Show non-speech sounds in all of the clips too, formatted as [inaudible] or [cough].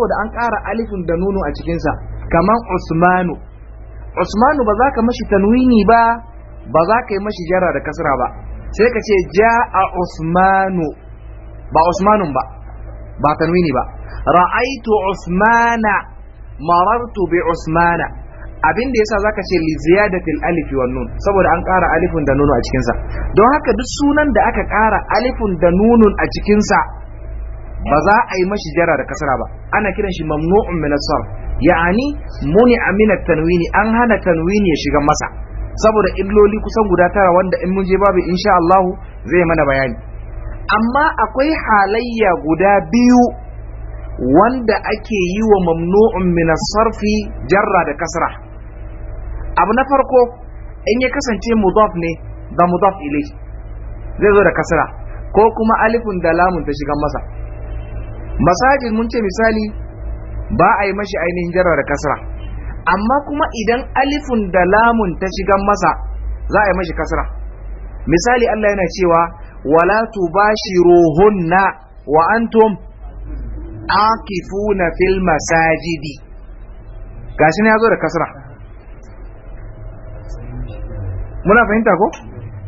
saboda an ƙara alifin da nunu a cikinsa kamar usmanu usmanu ba za ka mashi tanwini ba ba za ka yi mashi jara da kasra ba sai ka ce ja a usmanu ba usmanun ba ba tanwini ba ra'aitu usmana marartu bi usmana abin da yasa zaka ce liziya da alif wan nun saboda an ƙara alifin da nunu a cikinsa don haka duk sunan da aka ƙara alifin da nunun a cikinsa ba za a yi mashi jara da kasara ba ana kiran shi mamnu'un min as-sarf ya'ani muni amina tanwini an hana tanwini ya shiga masa saboda illoli kusan guda tara wanda in mun je babu insha Allah zai mana bayani amma akwai halayya guda biyu wanda ake yi wa mamnu'un min as-sarfi jarra da kasra abu na farko in ya kasance mudaf ne da mudaf ilayhi zai zo da kasra ko kuma alifun da lamun ta shiga masa masajin mun ce misali ba a yi mashi ainihin jarar da kasra amma kuma idan alifun da lamun ta shigan masa za a yi mashi kasra misali Allah yana cewa wala tubashiruhunna wa antum akifuna fil masajidi gashi ne ya zo da kasra muna fahimta ko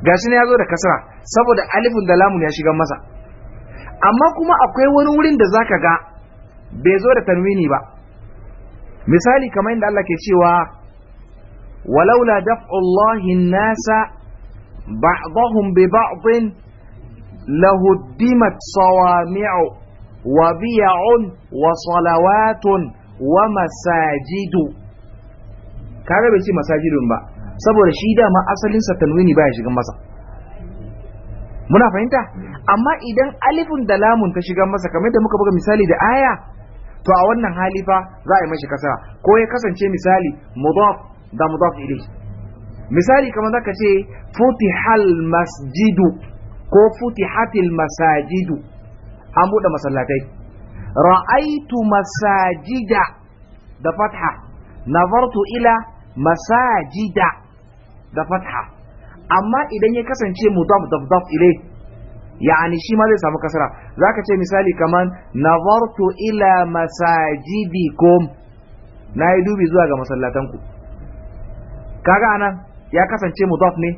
gashi ne ya zo da kasra saboda alifun da lamun ya shigan masa amma kuma akwai wani wurin da zaka ga bai zo da tanwini ba misali kamar inda Allah ke cewa walaula daf'ullahi nasa ba'dahum bi ba'din lahuddimat sawami'u wa biya'un wa salawatun wa masajidu kaga bai ce masajidun ba saboda shi dama asalinsa tanwini baya shigan masa muna fahimta amma idan alifin da lamun ta shiga masa kamar da muka buga misali da aya to a wannan hali fa za a yi mashi kasara ko ya kasance misali mudaf da mudaf ilai misali kamar zaka ce futihal masjidu ko futihatil masajidu an buɗe masallatai ra'aitu masajida da fatha nazartu ila masajida da fatha amma idan ya kasance mudaf daf daf ile, yani shi ma zai samu kasara zaka ce misali kaman nazartu ila masajidikum na yi dubi zuwa ga masallatanku kaga anan ya kasance mudaf ne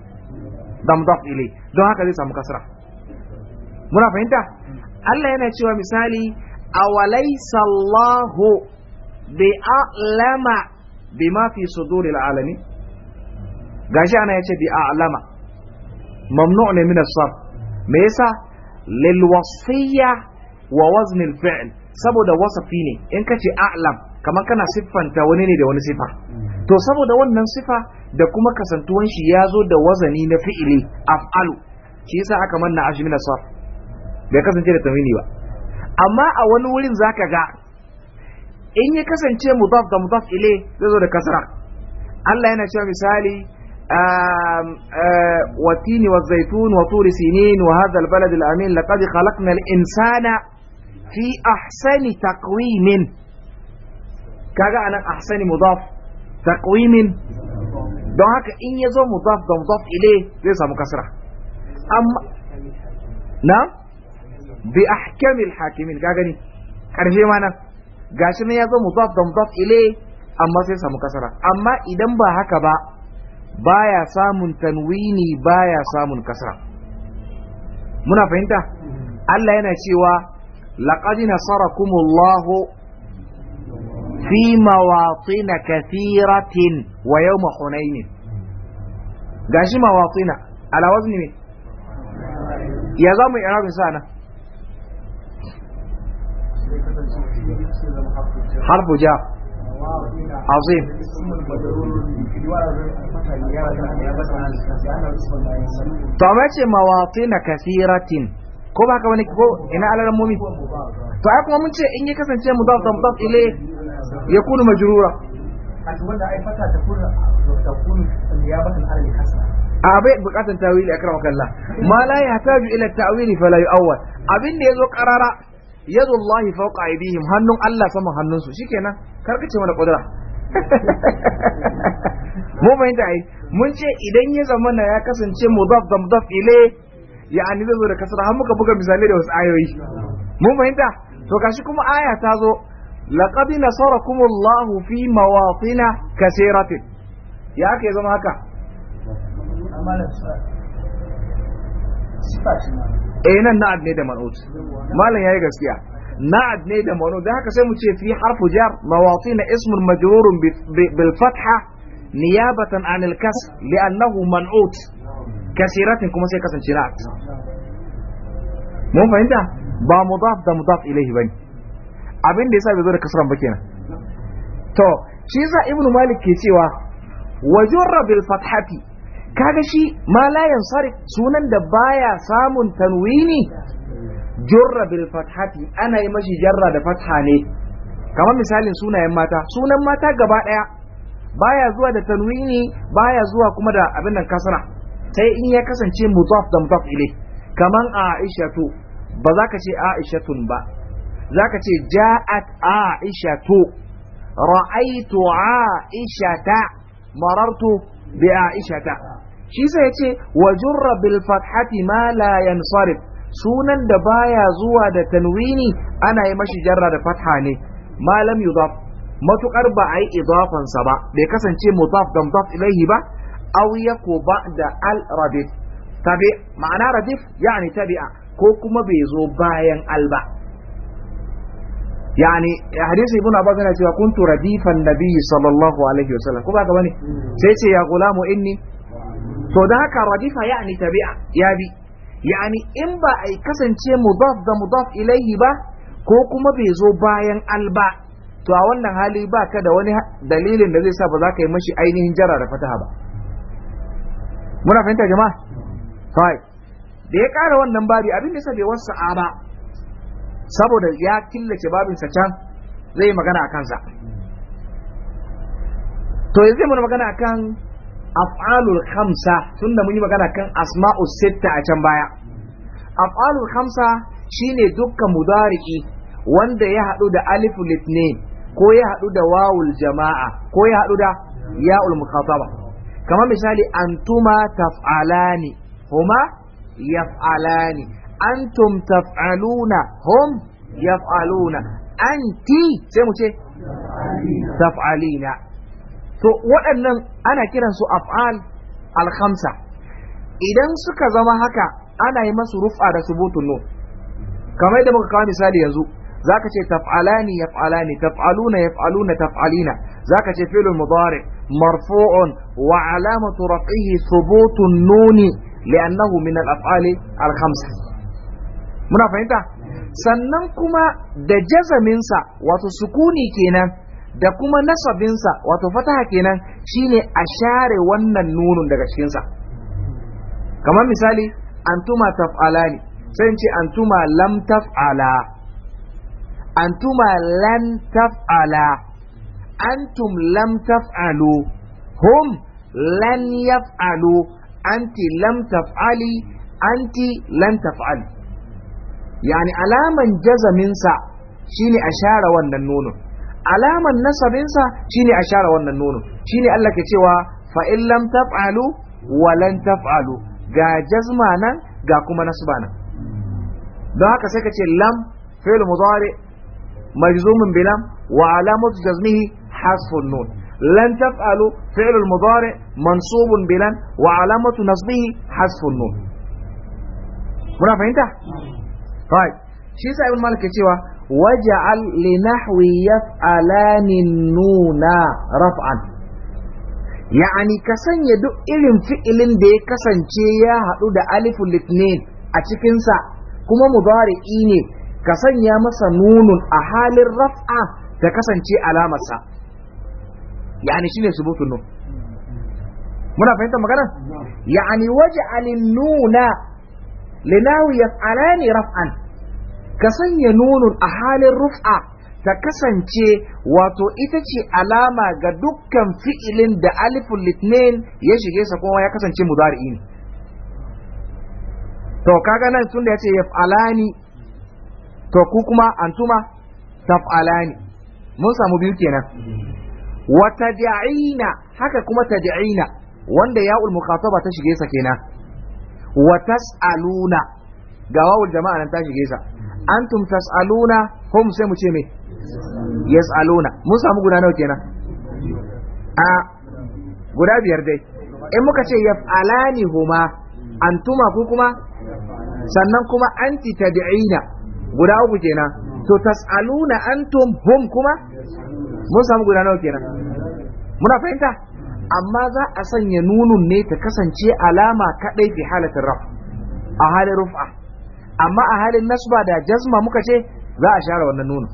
da mudaf ile, don haka zai samu kasara muna fahimta Allah yana cewa misali awalaysa Allahu bi a'lama bima fi sudurul alamin gashi ana yace bi a'lama mamnu ne min as-sarf me yasa lil wasiyya wa wazn al-fi'l saboda wasafi ne in kace a'lam kamar kana siffanta wani ne da wani sifa mm. to saboda wannan sifa da kuma kasantuwan shi ya zo da wazani na fi'ili af'alu shi yasa aka manna ashi min as-sarf bai kasance da tamini ba amma a wani wurin zaka ga in ya kasance mudaf da mudaf ile zai zo da kasra Allah yana cewa misali آه، والتين والزيتون وطور سنين وهذا البلد الأمين لقد خلقنا الإنسان في أحسن تقويم كذا أنا أحسن مضاف تقويم دعك إن يزو مضاف دو مضاف إليه ليس مكسرة أم نعم بأحكام الحاكمين كذا كذا أنا قاشنا يزو مضاف دو مضاف إليه أما سيسا مكسرة أما إذا ما هكذا baya samun tanwini baya samun kasra muna fahimta Allah yana cewa laqad nasarakumullahu fi mawatin kathiratin wa yawm hunain gashi mawatina ala wazni me ya zamu irabin sana harfu ja azim to amma ce mawatina kasiratin ko ba ka wani ko ina alarmomi to ai kuma mun ce in ya kasance mu mudaf da mudaf ile ya kunu majrura a cikin da ta kunu ta kunu niyabatan alal kasra abai bukatan tawili akrama kallah ma la yahtaju ila tawili fala yu'awwal abin da yazo qarara yadullahi fawqa aydihim hannun Allah sama hannunsu shikenan kar ka ce mana kudura mu mai da ai mun ce idan ya zama na ya kasance mudaf da mudaf ile yani zai zo da kasara har muka buga misali da wasu ayoyi mu mai da to gashi kuma aya ta zo laqad nasarakumullahu fi mawatina kaseeratin ya ke zama haka eh nan na'ad ne da mal'ut malam yayi gaskiya na'ad ne da manu da haka sai mu ce fi harfu jar mawatin ismun majrurun bil fatha niyabatan anil kas li'annahu man'ut kasiratin kuma sai kasance na'at mun fahimta ba mudaf da mudaf ilayhi bane abin da yasa bai zo da kasran ba kenan to shi yasa ibnu malik ke cewa wajurra bil fathati kaga shi ma la yansarif sunan da baya samun tanwini jurra bil fathati ana yi mashi jarra da fatha ne kamar misalin sunayen mata sunan mata gaba daya baya zuwa da tanwini baya zuwa kuma da abin nan kasra sai in ya kasance mudaf da mudaf ilai kaman aishatu ba za ka ce aishatun ba za ka ce ja'at aishatu ra'aitu aishata marartu bi aishata shi sai ya ce wa jurra bil fathati ma la yansarif sunan da baya zuwa da tanwini ana yi mashi jarra da fatha ne malam yudaf matukar ba a yi idafansa ba bai kasance mudaf da mudaf ilaihi ba aw yako ba da al radif tabi ma'ana radif yani tabi'a ko kuma bai zo bayan al ba yani hadisi ibnu abbas yana cewa kuntu radifan nabiyyi sallallahu alaihi wasallam ko ba ka bane hmm. sai ce ya gulamu inni to da haka radifa yani tabi'a ya bi yani in ba a kasance mudaf da mudaf ilaihi ba ko kuma bai zo bayan alba. to a wannan hali ba ka da wani dalilin da zai sa ba za ka yi mashi ainihin jara da fataha ba muna fahimta jama'a sai da ya ƙara wannan babi abin da bai wasa'a ba saboda ya killace babinsa can zai magana a kansa to yanzu zai mana magana akan af'alul khamsa tunda mun yi magana kan asma'u sitta a can baya af'alul khamsa shine dukkan mudari'i wanda ya haɗu da alif litnin ko ya haɗu da wawul jama'a ko ya haɗu da ya'ul mukhataba kamar misali antuma taf'alani huma yaf'alani antum taf'aluna hum yaf'aluna anti sai mu ce taf'alina to waɗannan ana kiransu af'al al-khamsa idan suka zama haka ana yi masu rufa da subutun nun kamar da muka kawo misali yanzu zaka ce taf'alani yaf'alani taf'aluna yaf'aluna taf'alina zaka ce fi'lun mudari marfu'un wa alamatu raf'ihi thubutun nun li'annahu min al-af'ali al-khamsa muna fahimta sannan kuma da jazaminsa wato sukuni kenan da kuma nasabinsa wato fataha kenan shine a share wannan nunun daga cikinsa kamar misali antuma taf'alani sai in ce antuma lam taf'ala antuma lan taf'ala antum lam taf'alu hum lan yaf'alu anti lam taf'ali anti lan taf'al yani alaman jazaminsa shine a share wannan nunun alaman nasabinsa shine a share wannan nono shine Allah ke cewa fa in lam taf'alu wa lan taf'alu ga jazma nan ga kuma nasba nan don haka sai ka ce lam fi'l mudari majzumun bilam wa alamatu jazmihi hasfun nun lan taf'alu fi'l mudari mansubun bilan wa alamatu nasbihi hasfun nun muna fahimta right shi sai ibn malik ke cewa waj'al li nahwi nuna raf'an yani ka sanya duk irin fi'ilin da ya kasance ya haɗu da alifu litinin a cikinsa kuma mudari'i ne ka sanya masa nunun a halin raf'a ta kasance alamarsa yani shine subutun nun muna fahimtar magana yani waj'al nuna linahu yaf'alani raf'an ka sanya nunun a halin rufa ta kasance wato ita ce alama ga dukkan fi'ilin da alifun litinin ya shige sa kuma ya kasance mudari'i ne to kaga nan tunda ya ce yaf'alani to ku kuma antuma taf'alani mun samu biyu kenan wa tad'ina haka kuma tad'ina wanda ya'ul mukhataba ta shige sa kenan wa tas'aluna ga wawul jama'a nan ta shige sa antum tas'aluna hum sai mu ce me yas'aluna mun samu guda nawa kenan a guda biyar dai in muka ce yaf'alani huma antuma ku kuma sannan kuma anti tabi'ina guda uku kenan to tas'aluna antum hum kuma mun samu guda nawa kenan muna fahimta amma za a sanya nunun ne ta kasance alama kadai fi halatin raf a halin rufa amma a halin nasba da jazma muka ce za a share wannan nunu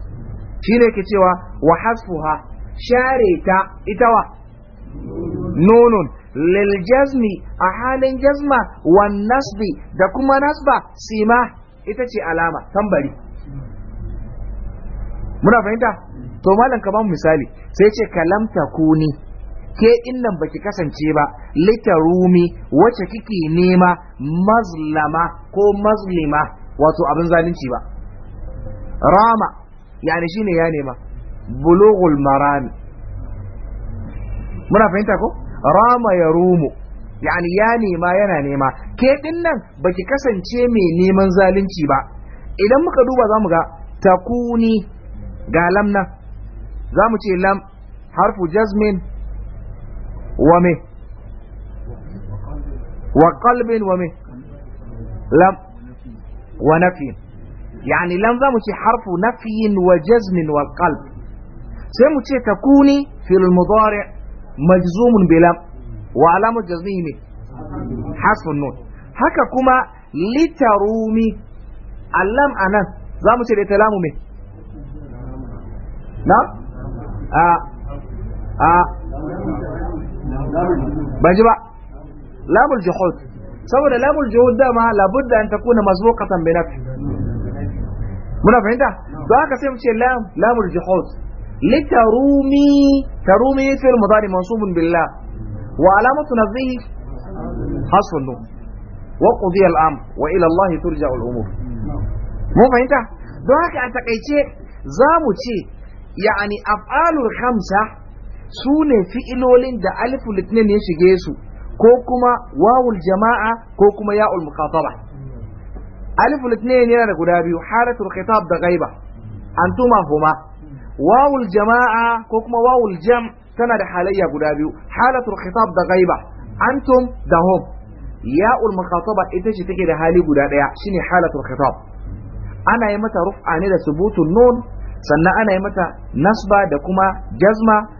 shine ke cewa wa hasfuha share ta ita wa? nunun lil jazmi a halin jazma wa nasbi da kuma nasba sima ita ce alama tambari muna fahimta to malam ka ba misali sai ce kalamta kuni ke nan baki kasance ba rumi, wace kike nema mazlama ko mazlima wato abin zalunci ba rama yani shine ya nema bulughul marami muna fahimta ko rama ya rumu yani ya nema yana nema ke nan baki kasance mai neman zalunci ba idan muka duba zamu ga takuni ga lamna zamu ce lam harfu jazmin wame wa kalbin lam wa nafi yani lam za mu ce harfu nafiyin wa jazmin wa kalb sai mu ce ta kuni fil mudari majzumun bilam wa alamu jazmi ne hasfun haka kuma litarumi allam anan za mu ce da ita lamu me na a a ban ji ba labul juhud saboda labul juhud dama labudda an takuna masbuqatan bi muna fahimta to haka sai mu ce lam labul juhud litarumi tarumi fil mudari mansubun billah wa alamatu nazhi hasbun wa qudiya al-amr wa ila Allah turja'u al-umur mun fahimta don haka a takaice za mu ce yani af'alul khamsa su ne fi'ilolin da alifu litinin ya shige su ko kuma wawul jama'a ko kuma ya'ul mukhataba alifu litinin yana da guda biyu haratul khitab da ghaiba antuma huma wawul jama'a ko kuma wawul jam tana da halayya guda biyu halatul khitab da ghaiba antum da hum ya'ul mukhataba ita ce take da hali guda daya shine halatul khitab ana yi mata rufa ne da subutun nun sannan ana yi mata nasba da kuma jazma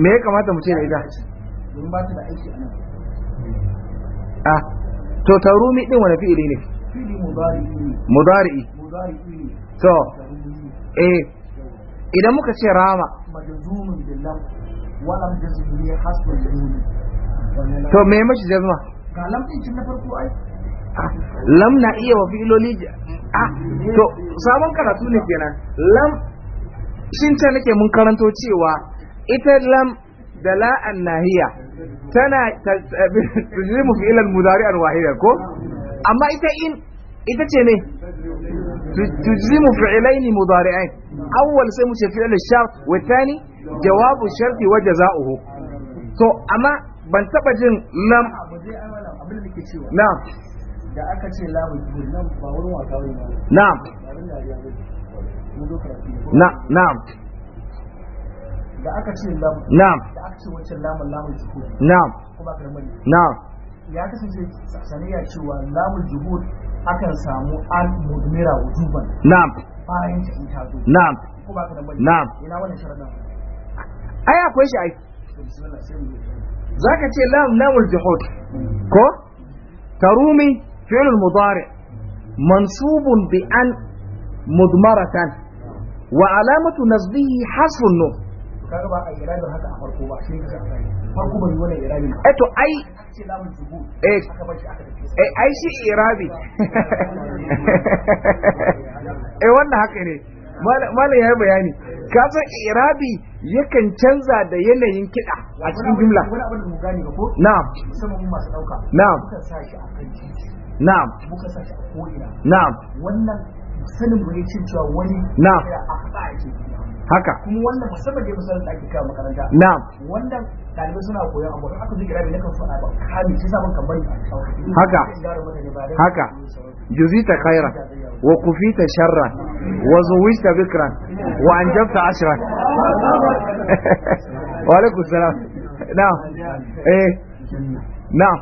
me ya kamata mu ce da ita a ah, to tarumi din wani fi'ili ne mudari'i to eh idan muka ce rama to me mashi jazma ga lamɗin na farko ai ah, lam na iya wa fi'iloli a ah, to sabon karatu ne kenan lam shin ta nake mun karanto cewa ita lam da la'an nahiya tana fi fi'lan mudari'an wahida ko amma ita in ita ce ne تجزم فعلين مضارعين اول sai mu ce fi'l shart wa tani jawabu sharti wa jazaohu to amma ban taba jin lam na'am da aka ce lamu nan ba wurin wasa ne na'am na'am da aka ce lam na'am da aka ce wancan lamun lamun juhud na'am kuma karmani na'am ya kasance saniya cewa lamun juhud akan samu an mudmira wujuban na'am bayan ta in tazo na'am kuma karmani na'am ina wannan sharadin ai akwai shi ai zaka ce lam lamul juhud ko tarumi fi'l mudari منصوب بأن مضمرة وعلامة نصبه حذف النون kaga ba a irabin haka a farko ba shi ne farko bai wani ba. eh to ai eh eh ai shi irabi [laughs] eh wannan haka ne malam ya bayani ka san irabi yakan canza da yanayin kiɗa a cikin jumla na'am na'am na'am na'am wannan sanin bai cin cewa wani na'am haka kuma wannan musamman da musamman da ake kawo makaranta na'am wannan dalibai suna koyon abu haka ba kami sabon kan bari haka haka juzita khaira wa kufita sharra wa zuwita bikra wa anjabta ashra [laughs] wa alaikum salam na'am eh na'am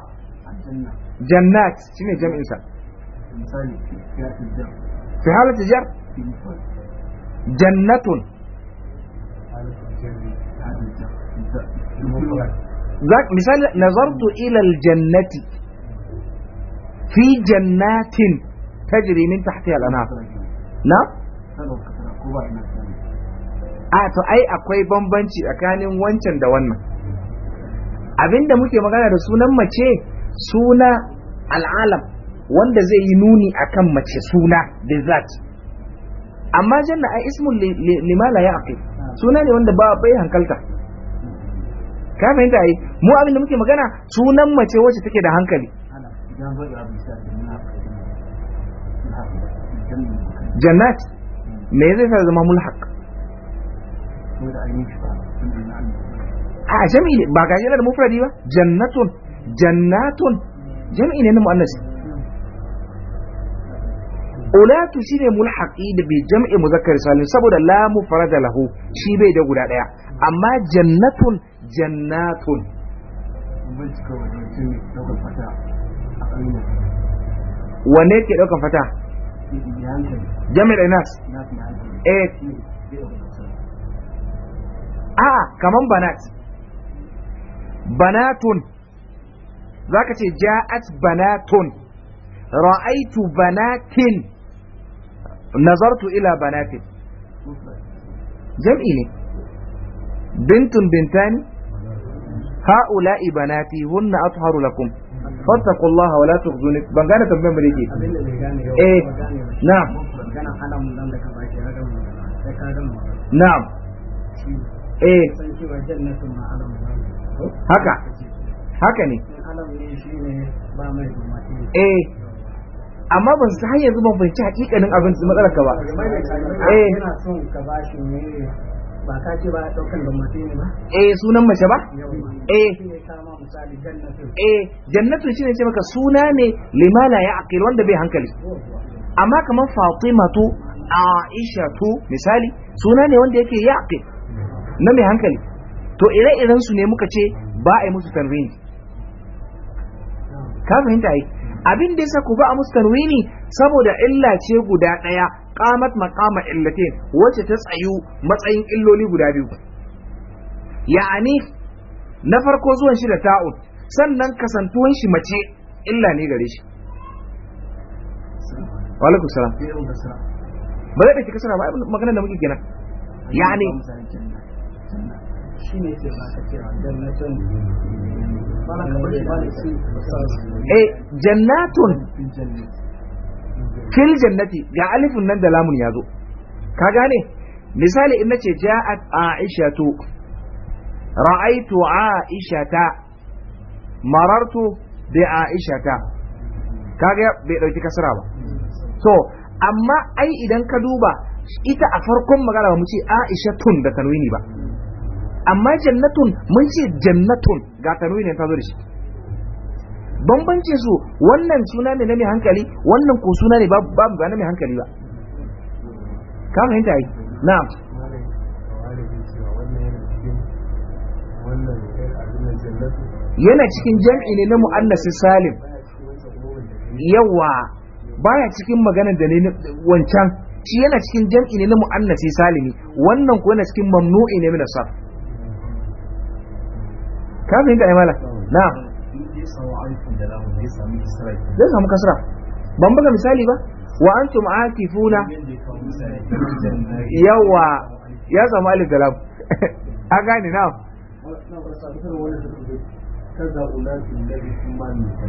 jannat shine jami'in sa misali fi halatul jar jannatun misali nazartu ilal jannati fi jannatin tajri min tahtiha al-anhar na a to ai akwai bambanci tsakanin wancan da wannan abinda muke magana da sunan mace suna al'alam wanda zai yi nuni akan mace suna zat. amma janna ai ismun limala ya aqil suna ne wanda ba bai hankalta ka fahimta yi mu abin da muke magana sunan mace wacce take da hankali jannat me zai sa zama mulhaq a jami'i ba ga yana da mufradi ba jannatun jannatun jami'i ne na mu'annasi ulatu shine mulhaqi da bi jam'i muzakkar salim saboda la mufrada lahu shi bai da guda daya amma jannatun jannatun wanne ke daukan fata jami'a da nas eh a kaman banat banatun zaka ce ja'at banatun ra'aitu banatin nazartu ila banatin jam'i ne bintun bintani ha'ula'i banati hunna atharu lakum fattaqullaha wa la tukhzuni ban gane tambayar mu dake eh na'am na'am eh haka haka ne eh amma ban su ta hanyar ban fahimci hakikanin abin su matsalar ka ba eh son ka ne ba ka ce ba daukan da mace ne ba eh sunan mace ba eh eh jannatu ne ce maka suna ne limala ya aqil wanda bai hankali amma kamar fatimatu to misali suna ne wanda yake ya aqil na mai hankali to ire-iren su ne muka ce ba a yi musu tanrini ka fahimta yi. abin da yasa ku ba a musu tanwini saboda illa ce guda ɗaya qamat maqama illatin wacce ta tsayu matsayin illoli guda biyu ya'ani na farko zuwan shi da ta'un sannan kasantuwan shi mace illa ne gare shi wa alaikum salam ba zai dauki kasara ba maganar da muke kenan Ya'ani. shine ce ba ta kira dan na eh jannatun fil jannati ga alifun nan da yaadu. ya zo ka gane misali in nace ja'at aishatu ra'aitu aishata marartu bi aishata kaga bai dauki kasara ba to amma ai idan ka duba ita a farkon magana ba mu ce aishatun da tanwini ba amma jannatun mun ce jannatun ga tanwi ne ta zo da shi bambancin su wannan suna ne na mai hankali wannan ko suna ne babu ba na mai hankali ba ka fahimta yi na'am yana cikin jam'i ne na mu'annasi salim yawa baya cikin maganar da ne wancan shi yana cikin jam'i ne na mu'annasi salimi wannan ko yana cikin mamnu'i ne min asaf ka fahimta ai na. zai samu kasra ban buga misali ba wa an antum atifuna yawa ya samu alif da lam [laughs] a gane na'am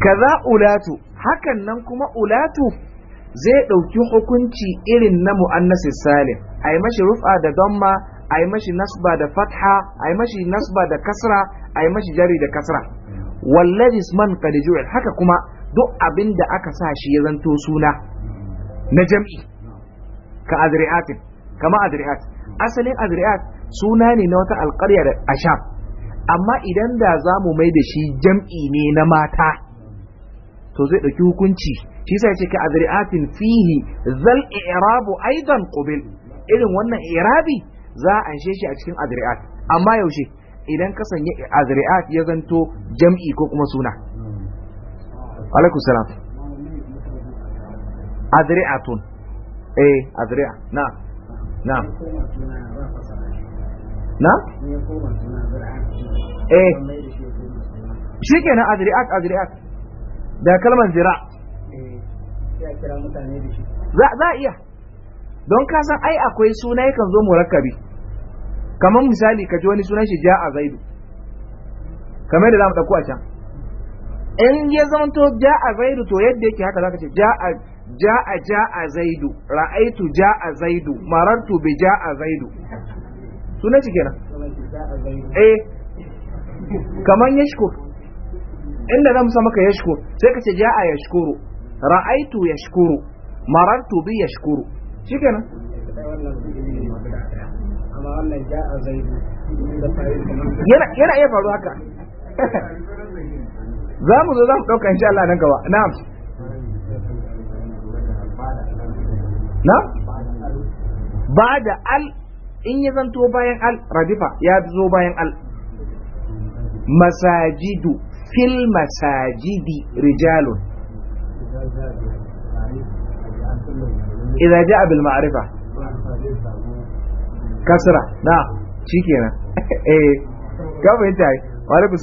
kaza ulatu hakan nan kuma ulatu zai ɗauki hukunci irin na mu'annasis salim a yi mashi rufa da don ma. a yi mashi nasba da fatha a yi mashi nasba da kasra a yi mashi jari da kasra wallahi man qad haka kuma duk abin da aka sa shi ya zanto suna na jam'i ka adriatin kama adriat asalin adriat suna ne na wata alƙarya da ashab amma idan da za mu mai da shi jam'i ne na mata to zai ɗauki hukunci shi sai ce ka adriatin fihi zal i'rabu aidan qubil irin wannan i'rabi za a anshe shi a cikin azri'at amma yaushe idan ka sanya azri'at ya zanto jam'i ko kuma suna alaikum salam azri'atun eh azri'a na na na eh shikenan azri'at azri'at da kalmar zira' eh, za a iya don ka san ai akwai suna yakan zo murakkabi kamar misali ka ji wani sunan shi a zaidu kamar da zamu dauko a can in ya zamanto a zaidu to yadda yake haka zaka ce a ja a zaidu ra'aitu ja a zaidu marartu bi ja a zaidu sunan shi kenan eh kaman yashkur inda zamu san maka yashkur sai ka ce ja a yashkuru ra'aitu yashkuru marartu bi yashkuru shi yana iya faru haka [laughs] za mu zo za mu ɗauka insha Allah nan gaba na'am na ba da al in ya zanto bayan al radifa ya zo bayan al masajidu fil masajidi rijalun إذا جاء بالمعرفة ma'rifa kasra شكينا shikenan ka fahimta ai wa alaikum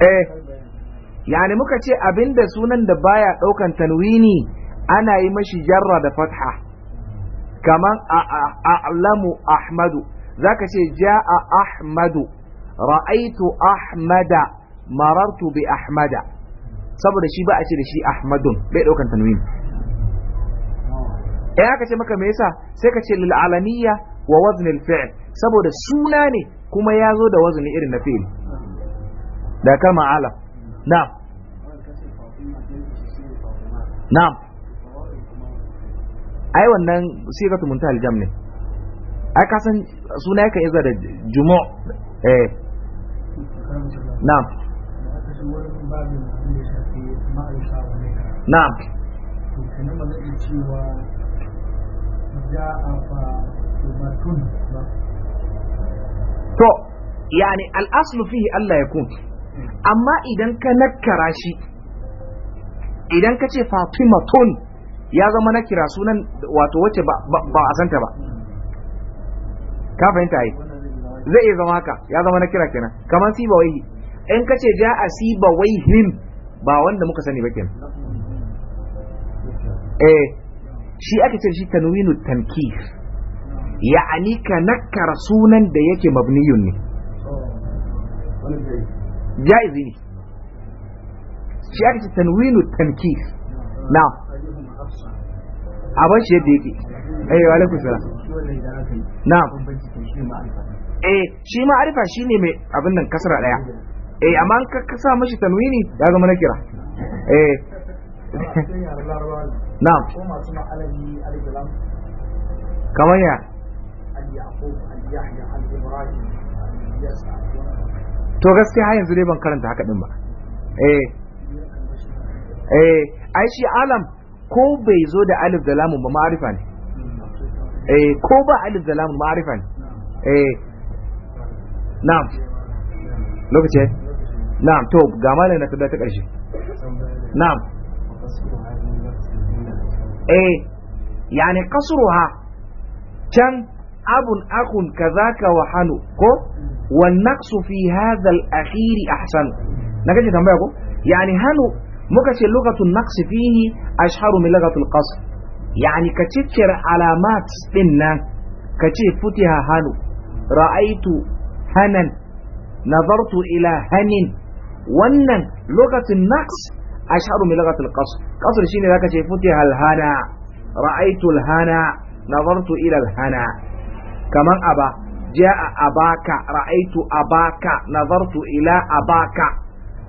ce yani muka ce abinda sunan da baya ɗaukan tanwini ana yi mashi jarra da fatha kaman a'lamu ahmadu zaka ce a ahmadu ra'aitu ahmada marartu bi ahmada saboda shi ba a ce da shi ahmadun bai daukan tanwin eh aka ce maka me yasa sai ka ce lil alamiyya wa wazn al fi'l saboda suna ne kuma ya zo da wazni irin na fi'l da kama alam na'am na'am ai wannan sigatu munta al jam ne ai ka suna yakan iza da jumu' eh na'am na'am to kana ba zai yani al'aslu fihi Allah ya kun amma idan ka nakkara shi idan ka ce fatimatun ya zama na kira sunan wato wacce ba a santa ba ka fahimta yi zai iya zama haka ya zama na kira kenan kamar sibawai in ka ce ja wai him ba wanda muka sani ba kenan eh shi aka ce shi tanwinu tankif ya'ani ka nakkara sunan da yake mabniyun ne jaizi ne shi aka ce tanwinu tankif na abin shi yadda yake eh wa alaikum salam na eh shi ma'arifa shine mai abin nan a daya eh amma ka kasa mashi tanwini ya zama na kira eh [laughs] na'am kamar ya to gaskiya har yanzu dai ban karanta haka din ba eh eh ai shi alam ko bai zo da alif da lamun ba ma'arifa ne eh ko ba alif da lamun ma'arifa ne eh na'am lokaci نعم توب جاما لنا كده تكرشي نعم ايه يعني قصرها كان اب اخ كذاك وحنو كو والنقص في هذا الاخير احسن نجد تنبيهكم يعني هنو مكش لغة النقص فيه اشهر من لغة القصر يعني كتذكر علامات ان كتير فتها هنو رأيت هنا نظرت الى هنن wannan lokacin naqs asharu min lugatil qasr qasr shine zaka ce futiha al hana ra'aytu al hana nazartu ila al hana kaman aba jaa abaka ra'aytu abaka nazartu ila abaka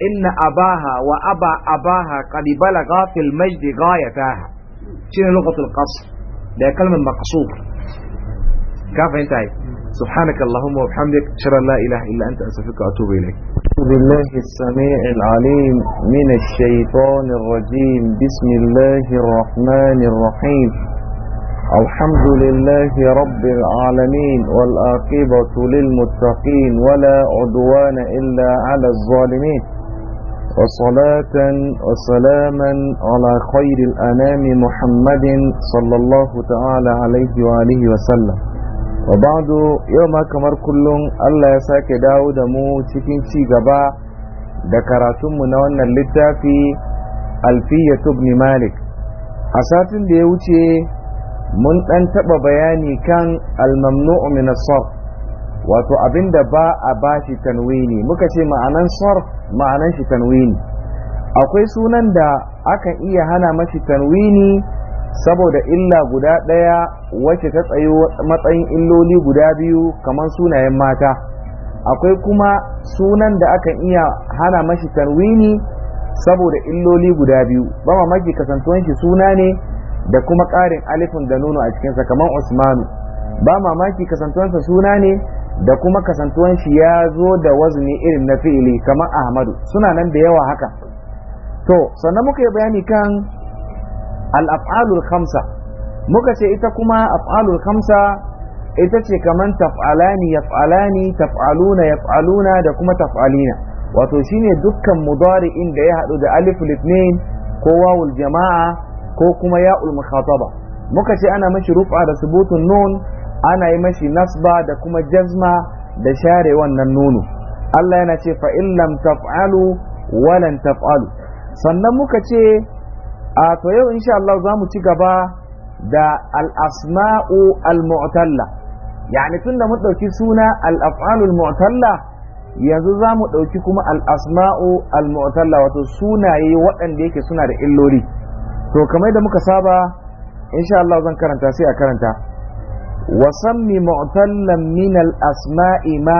inna abaha wa aba abaha qad balagha fil majd ghayataha shine lugatul qasr da kalmar maqsur ka fahimta سبحانك اللهم وبحمدك اشهد ان لا اله الا انت استغفرك واتوب اليك بالله السميع العليم من الشيطان الرجيم بسم الله الرحمن الرحيم الحمد لله رب العالمين والآقبة للمتقين ولا عدوان إلا على الظالمين وصلاة وسلاما على خير الأنام محمد صلى الله تعالى عليه وآله وسلم wa bado yau ma kamar kullum Allah ya sake dawo da mu cikin ci gaba da karatunmu na wannan littafi alfiyatu ibn malik a satin da ya wuce mun dan taba bayani kan al-mamnu'u min as-sarf wato abinda ba a bashi tanwini muka ce ma'anan sarf ma'anan shi tanwini akwai sunan da akan iya hana mashi tanwini saboda illa guda ɗaya wacce ta tsayo matsayin illoli guda biyu kamar sunayen mata akwai kuma sunan da aka iya hana mashi tarwini saboda illoli guda biyu ba mamaki kasantuwan shi suna ne da kuma ƙarin alifin da nono a cikinsa kamar usmanu ba mamaki kasantuwansa suna ne da kuma kasantuwan shi ya zo da wazni irin na fi'ili kamar ahmadu suna nan da yawa haka to sannan muka yi bayani kan al-af'alul khamsa muka ce ita kuma af'alul khamsa ita ce kamar taf'alani yaf'alani taf'aluna yaf'aluna da kuma taf'alina wato shine dukkan mudari'in da ya haɗu da alif litnin ko wawul jama'a ko kuma ya'ul mukhataba muka ce ana mashi rufa da subutun nun ana yi mashi nasba da kuma jazma da share wannan nono Allah yana ce fa in lam taf'alu walan taf'alu sannan muka ce a to yau insha Allah za mu ci gaba da al-asma'u al-mu'talla yani da mu dauki suna al-af'alul mu'talla yanzu za mu dauki kuma al-asma'u al-mu'talla wato sunaye waɗanda yake suna da illoli to kamar da muka saba insha Allah zan karanta sai a karanta wasammi mu'tallan min al-asma'i ma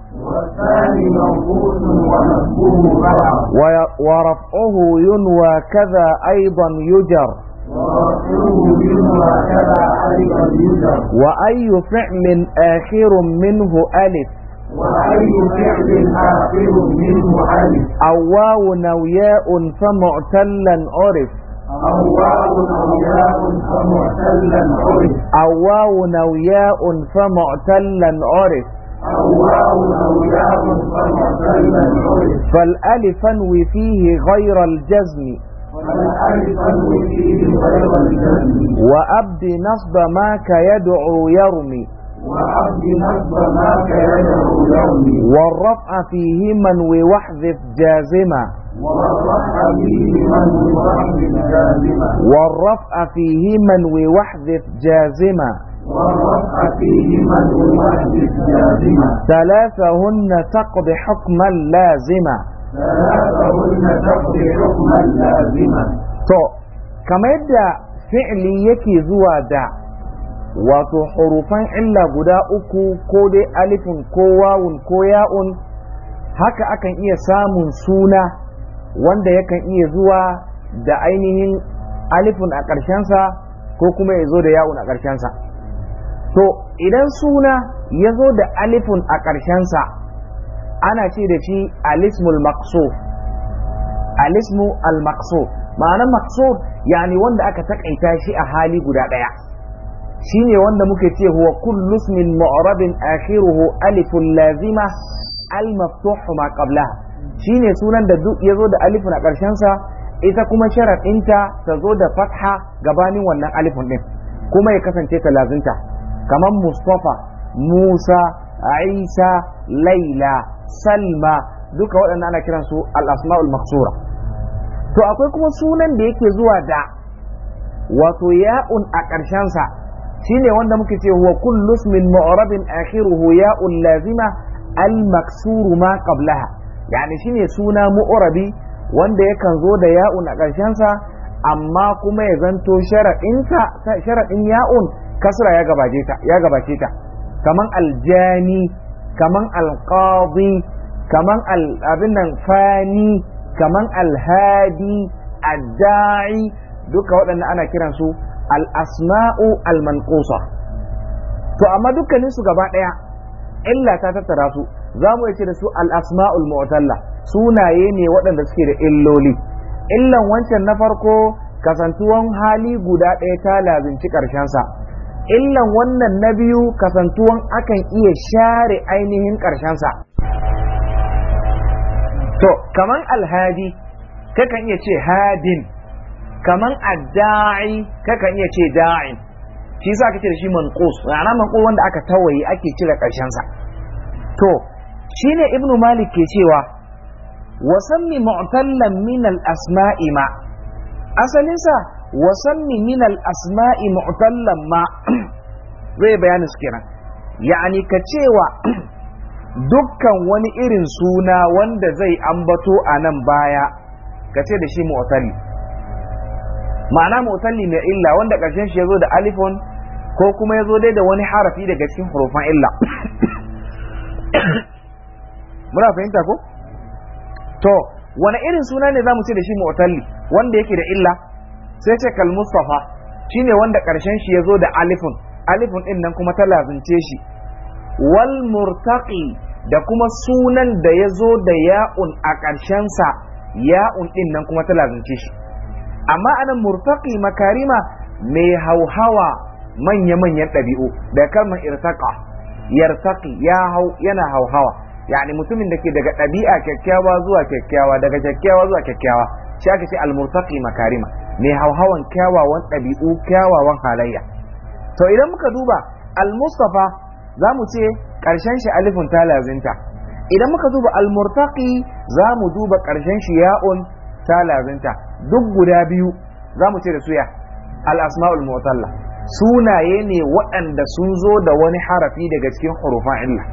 والثاني ورفعه ينوى كذا أيضا يجر وأي فعل آخر منه ألف وأي فعل آخر منه ألف أو واو نوياء فمعتلا عرف أو واو نوياء فمعتلا عرف أو واو نوياء فمعتلا عرف فالالف انوي فيه غير الجزم وأبد نصب ما كيدعو يرمي والرفع فيه منوي واحذف جازمه والرفع فيه منوي واحذف جازمه ثلاثهن تقضي حكما لازما ثلاثهن تقضي حكما لازما تو كما يدى فعلي يكي زوا دا wato hurufan illa guda uku ko dai alifin ko wawun ko ya'un haka akan iya samun suna wanda yakan iya zuwa da ainihin alifin a ƙarshensa ko kuma ya zo da ya'un a ƙarshensa to idan suna ya zo da alifun a ƙarshensa ana ce da shi alismul maqsuf alismu al maqsuf ma'anar maqsuf yani wanda aka takaita shi a hali guda ɗaya shine wanda muke ce huwa kullu ismin mu'rabin akhiruhu alifun lazima al maftuh ma qablaha shine sunan da duk ya zo da alifun a ƙarshensa ita kuma sharaɗinta ta zo da fatha gabanin wannan alifun ɗin kuma ya kasance ta lazinta kamar Mustapha, musa isa laila salma duka waɗannan ana kiran al-asma'ul maksura to akwai kuma sunan da yake zuwa da wato ya'un a ƙarshensa shine wanda muke ce huwa kullu ismin mu'rabin akhiruhu ya'un lazima al-maksuru ma qablaha yani shine suna mu'rabi wanda yakan zo da ya'un a ƙarshensa amma kuma ya zanto sharaɗin ya'un kasra ya gabace ta ya gabace ta kaman aljani kaman alqadi kaman al abin nan fani kaman alhadi adda'i duka waɗannan ana kiran su al-asma'u al-manqusa to amma dukkanin su gaba ɗaya illa ta tattara su za mu da su al-asma'ul mu'talla sunaye ne waɗanda suke da illoli illan wancan na farko kasantuwan hali guda ɗaya ta lazimci ƙarshensa illan wannan na biyu kasantuwan akan iya share ainihin ƙarshensa to kaman alhadi kakan iya ce hadin kaman adda'i kakan iya ce da'in shi yasa kake da shi manqus ma'ana manqus wanda aka tawaye ake cire sa? to shine ibnu malik ke cewa wasanni mu'tallan min al-asma'i ma asalinsa wasanni min al-asma'i mu'tallan ma zai bayani su kenan yani ka cewa dukkan wani irin suna wanda zai ambato a nan baya ka ce da shi mu'talli ma'ana mu'talli mai illa wanda ƙarshen shi yazo da alifon ko kuma yazo dai da wani harafi daga cikin hurufan illa muna fahimta ko to wani irin suna ne zamu ce da shi mu'talli wanda yake da illa sai ce kal mustafa shine wanda karshen shi yazo da alifun alifun din nan kuma ta lazunce shi wal murtaqi da kuma sunan da yazo da ya'un a karshen sa ya'un din nan kuma ta lazunce shi amma anan murtaqi makarima mai hauhawa manya manyan ɗabi'u da kalmar irtaqa yartaqi ya hau yana hauhawa yani mutumin da ke daga ɗabi'a kyakkyawa zuwa kyakkyawa daga kyakkyawa zuwa kyakkyawa shi aka ce almurtaqi makarima mai hauhawan kyawawan ɗabi'u kyawawan halayya to idan muka duba almustafa za mu ce ƙarshen shi alifin talazinta idan muka duba almurtaki, za mu duba ƙarshen shi ya'un talazinta duk guda biyu za mu ce da suya al-asma'ul mu'talla sunaye ne waɗanda sun zo da wani harafi daga cikin hurufan illa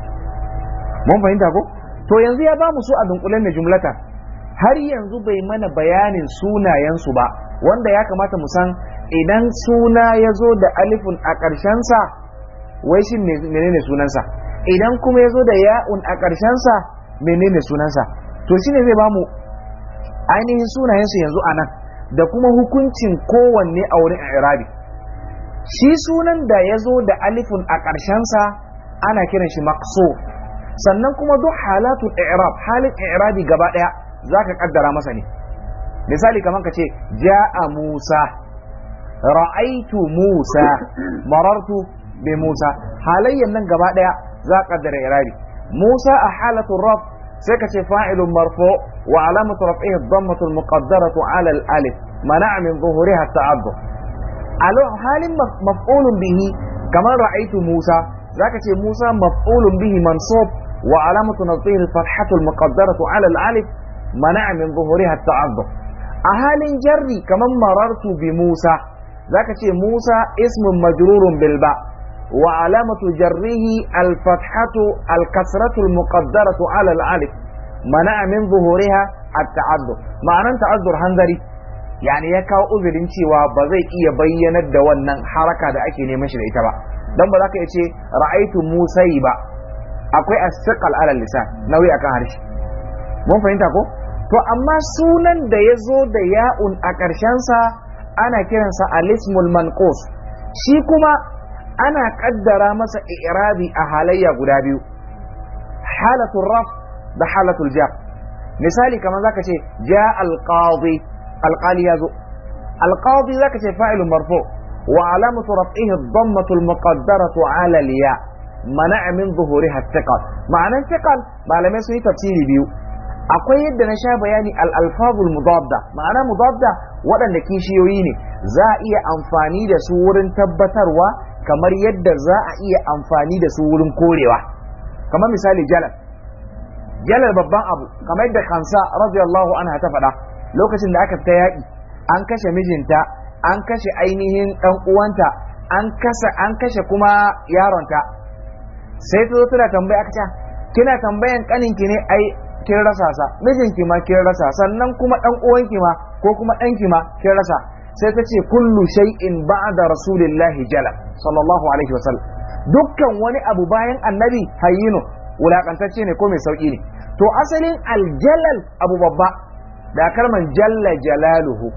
mun fahimta ko to yanzu ya ba mu su a dunkulen da jumlatan har yanzu bai mana bayanin sunayensu ba wanda ya kamata mu san idan suna ya zo da alifun a ƙarshensa wai shi menene sunansa idan kuma ya zo da ya'un a ƙarshensa menene sunansa to shi ne zai ba mu ainihin sunayensu yanzu a nan da kuma hukuncin kowanne a wurin irabi shi sunan da ya zo da alifun a ƙarshensa ana kiran shi maqsur sannan kuma duk halatun i'rab halin i'rabi gaba ɗaya za ka kaddara masa ne misali kamar ka ce ja'a musa ra'aitu musa marartu bi musa halayyan nan gaba daya za ka kaddara irabi musa a halatu raf sai ka ce fa'ilun marfu wa alamatu raf'ihi dhammatu al ala alif mana'a min zuhuriha at alo halin maf'ulun bihi kamar ra'aitu musa zaka ce musa maf'ulun bihi mansub وعلامة نصبه الفتحة المقدرة على alif? mana'a min zuhuriha ta'azzum a halin jarri kaman marartu bi Musa zaka ce Musa ismun majrurun bil ba wa alamatu jarrihi al fathatu al kasratu al muqaddaratu ala al alif mana'a min zuhuriha at ta'azzur ma'anan ta'azzur hanzari yani ya kawo uzurin cewa ba zai iya bayyanar da wannan haraka da ake neman shi da ita ba dan ba za ka iya ce ra'aitu musai ba akwai as-siqal lisan nauyi akan harshe mun fahimta ko to amma sunan da ya zo da ya'un a ƙarshensa ana kiransa alismul manqus shi kuma ana kaddara masa i'rabi a halayya guda biyu halatul raf da halatul jar misali kamar zaka ce ja alqadi alqali yazo alqadi zaka ce fa'il marfu wa alamatu raf'ihi ad-dammatu al-muqaddaratu 'ala al-ya mana'a min dhuhuriha thiqal ma'ana ma'anan thiqal malamai sun yi tafsiri biyu akwai yadda na sha bayani al-alfazul mudadda ma'ana mudadda waɗanda kishiyoyi ne za a iya amfani da su wurin tabbatarwa kamar yadda za a iya amfani da su wurin korewa kamar misali jalal jalal babban abu kamar yadda kansa radiyallahu anha ta faɗa lokacin da aka fita yaƙi an kashe mijinta an kashe ainihin ɗan uwanta an kasa an kashe kuma yaronta sai ta zo tana tambaya aka kina tambayan kaninki ne ai kin rasa sa mijinki ma kin rasa sannan kuma dan uwanki ma ko kuma ɗanki ma kin rasa sai ta ce kullu shay'in ba'da rasulillahi jala sallallahu alaihi wasallam dukkan wani abu bayan annabi hayyinu wulakantacce ne ko mai sauki ne to asalin aljalal abu babba da kalman jalla jalaluhu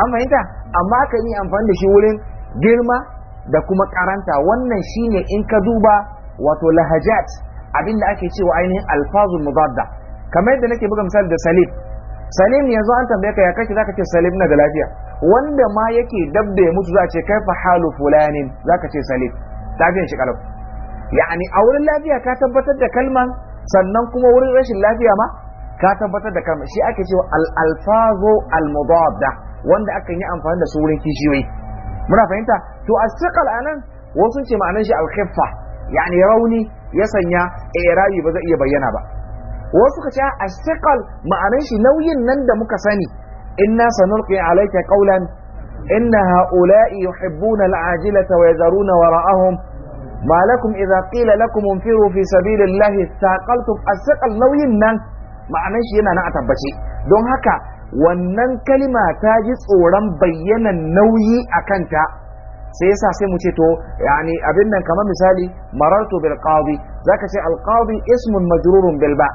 an fahimta amma ka yi amfani da shi wurin girma da kuma karanta wannan shine in ka duba wato lahajat abin da ake cewa ainihin alfazul mudadda kamar yadda nake buga misali da salim salim yanzu an tambaye ka ya kake zaka ce salim na da lafiya wanda ma yake dab da ya mutu za a ce kai fa halu fulanin zaka ce salim lafiyan shi kalau yani a wurin lafiya ka tabbatar da kalman sannan kuma wurin rashin lafiya ma ka tabbatar da kalman shi ake cewa al alfazo al mudadda wanda akan yi amfani da su wurin kishiyoyi muna fahimta to a anan wasu ce ma'anar shi al khiffa yani rauni ya sanya irabi ba zai iya bayyana ba wasu ka ce asiqal ma'anar shi nauyin nan da muka sani inna sanulqi alayka qawlan inna ha'ula'i yuhibbuna al'ajilata wa yazaruna wara'ahum ما لكم إذا قيل لكم انفروا في سبيل الله استاقلتم الثقل nauyin nan ma'anar shi yana na a tabbace don haka wannan kalima ta ji tsoron bayyanan nauyi a kanta sai yasa sai mu ce to yani abin nan kamar misali marartu bil qadi zaka ce al qadi ismun majrurun bil ba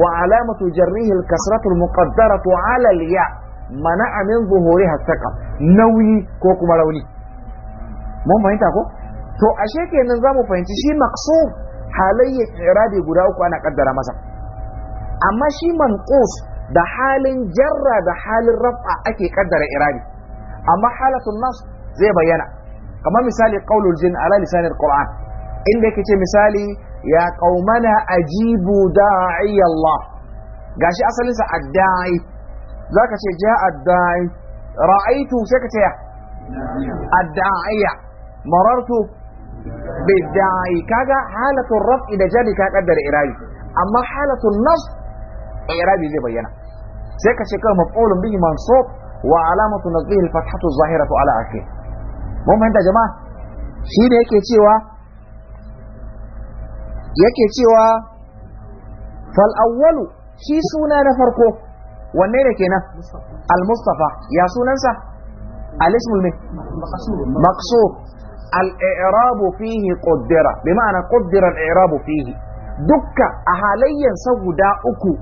wa alamatu jarrihi al kasratu al muqaddaratu ala al ya mana'a min zuhuriha nauyi ko kuma rauni mun fahimta ko to ashe kenan zamu fahimci shi maqsur halayya iradi guda uku ana kaddara masa amma shi manqus da halin jarra da halin raf'a ake kaddara iradi amma halatun nas zai bayyana kamar misali qaulul jin ala lisanil qur'an inda yake ce misali ya qaumana ajibu da'i Allah gashi asalin sa adda'i zaka ce ja adda'i ra'aitu sai ka ce ya marartu marartu bidda'i kaga halatul raf'i da jadi ka kaddara irabi amma halatul nas irabi zai bayyana sai ka ce kawai mafolin bihi mansub wa alamatu nasbihi al-fathatu adh-dhahiratu ala akhirih mun jama'a shi ne yake cewa yake cewa fal shi suna na farko wanne ne kenan al mustafa ya sunansa al ismul ne maqsur al i'rabu fihi qaddara bi ma'ana qaddara al i'rabu fihi dukka a sa guda uku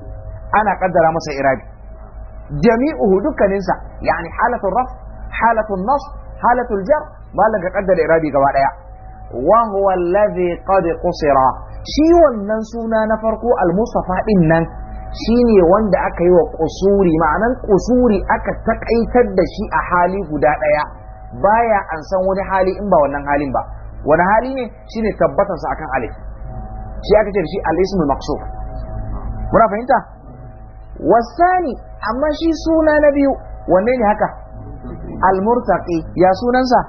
ana kaddara masa irabi jami'uhu dukkaninsa yani halatu raf halatu nasb halatu jar malam ka kaddara irabi gaba daya wa huwa allazi qad qusira shi wannan suna na farko al-mustafa din nan shine wanda aka yi wa kusuri, ma'anan kusuri aka takaitar da shi a hali guda daya baya an san wani hali in ba wannan halin ba wani hali ne shine tabbatar sa akan alif shi aka ce shi al-ismul maqsur muna fahimta wasani amma shi suna na biyu wanne ne haka al-murtaqi ya sunansa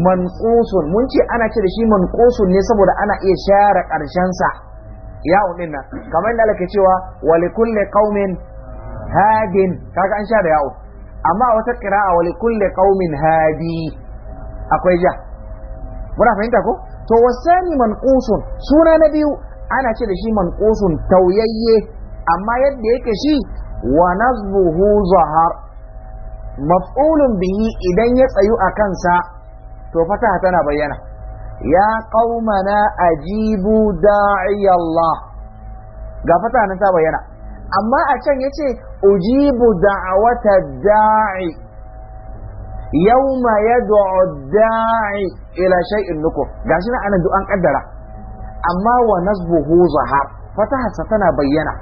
manqusun mun ce ana ce da shi manqusun ne saboda ana iya share karshen sa ya nan kamar yadda Allah ke cewa wa likulli qaumin hadin kaga an share ya'u amma wata qira'a wa likulli qaumin hadi akwai ja muna fahimta ko to wasani manqusun suna na biyu ana ce da shi manqusun tauyayye amma yadda yake shi wa nazbuhu zahar maf'ulun bihi idan ya tsayu a kansa to fasaha tana bayyana ya qaumana ajibu da'i Allah ga fasaha nan ta bayyana amma a can yace ujibu da'awata da'i yawma yad'u da'i ila shay'in nukum gashi nan anan du'an kaddara amma wa nasbuhu zahar fasaha tana bayyana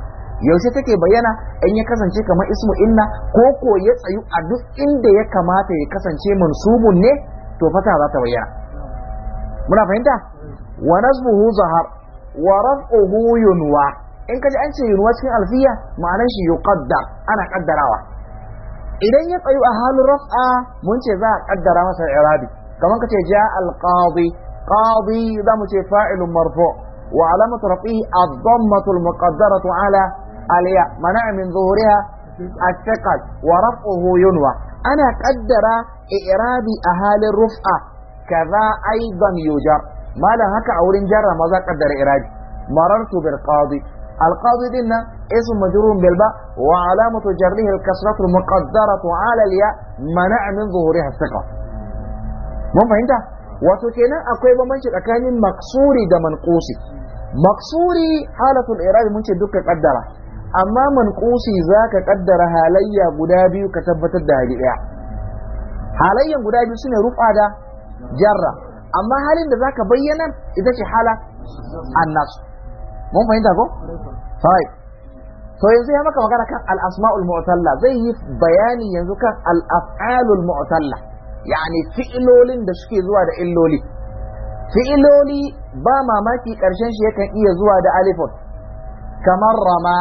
yaushe take bayyana in ya kasance kamar ismu inna ko ko ya tsayu a duk inda ya kamata ya kasance mansubun ne to fata za ta bayyana muna fahimta wa buhu zahar wa raf'uhu yunwa in kaji an ce yunwa cikin alfiya ma'anar shi yuqaddar ana kaddarawa idan ya tsayu a halin raf'a mun ce za a kaddara masa irabi kamar kace ja alqadi qadi za mu ce fa'ilun marfu' wa alamatu rafihi ad-dammatu al-muqaddaratu ala aliya mana min zuhuriha الثقل ورفعه ينوى أنا قدر إعرابي أهالي الرفعة كذا أيضا يجر ما لا هكا أورين جرى ماذا قدر إعرابي مررت بالقاضي القاضي دينا اسم مجرور بالباء وعلامة جره الكسرة المقدرة على الياء منع من ظهورها الثقة مو فهمت وتكنا أقوي بمنشد أكاني مقصوري دا منقوصي مقصوري حالة الإعراب منشد دك قدرة amma za zaka ƙaddara halayya guda biyu ka tabbatar da hali daya halayyan guda biyu sune rufa da jarra amma halin da zaka bayyana ita ce hala annas mun fahimta ko sai to yanzu ya maka magana kan al-asma'ul mu'talla zai yi bayani yanzu kan al-af'alul mu'talla yani fi'ilolin da suke zuwa da illoli fi'iloli ba mamaki ƙarshen shi yakan iya zuwa da alifun kamar rama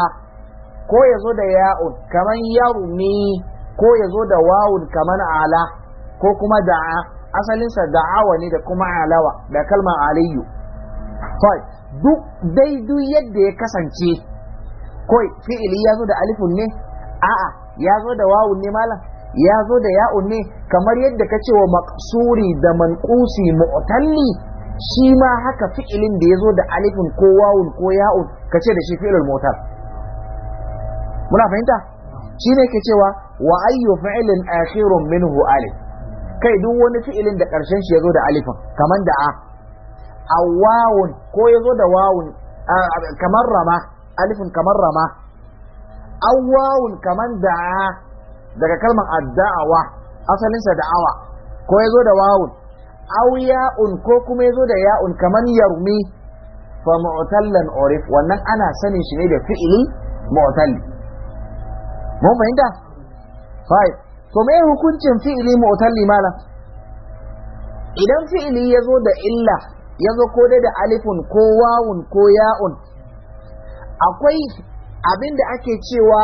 ko ya zo da ya'un kaman yarumi, ko ya zo da wawun kaman ala ko kuma da'a asalinsa da'awa ne da kuma alawa da kalmar aliyu duk dai du yadda ya kasance koi fi'ili ya zo da alifun ne a'a ya zo da wawun ne malam ya zo da ya'un ne kamar yadda ka ce wa maksuri da manqusi mu'talli shi ma haka fi'ilin da ya zo da alifun ko wawun ko ya'un ka ce da shi fi'ilul motar. muna fahimta Shi ne ke cewa wa ayyu fi'lin akhirun minhu alif kai duk wani fi'ilin da karshen shi yazo da alifin kaman da a awawun ko yazo da wawun kamar rama alifin kamar rama awawun kaman da a, daga kalmar adda'awa asalinsa da'awa ko yazo da wawun auya'un ko kuma yazo da ya'un kaman yarmi fa mu'tallan urif wannan ana sanin shi ne da fi'ili mu'talli mun fahimta fai to me hukuncin fi'ili otan malam idan fi'ili ya zo da illa ya zo ko dai da alifun ko wawun ko ya'un akwai abinda ake cewa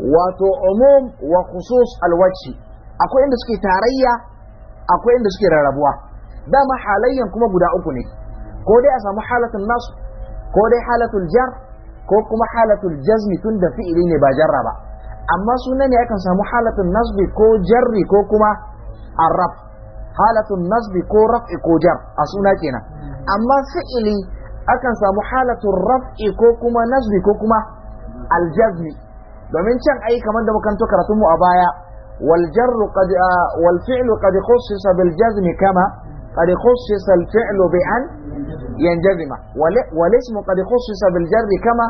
wato umum wa khusus alwaci akwai inda suke tarayya akwai inda suke rarrabuwa dama halayyan kuma guda uku ne ko dai a samu halatul nasu ko dai halatul jar ko kuma halatul jazmi tun da fi'ili ne ba jarra ba amma sunan ne akan samu halatun nasbi ko jarri ko kuma arab halatun nasbi ko raf'i ko jar a suna kenan amma fi'ili akan samu halatun raf'i ko kuma nasbi ko kuma aljazmi domin can ai kamar da mukan to karatun mu a baya wal jarru qad wal fi'lu qad khussisa bil jazmi kama qad khussisa al fi'lu bi an yanjazima wal ismu qad khussisa bil jarri kama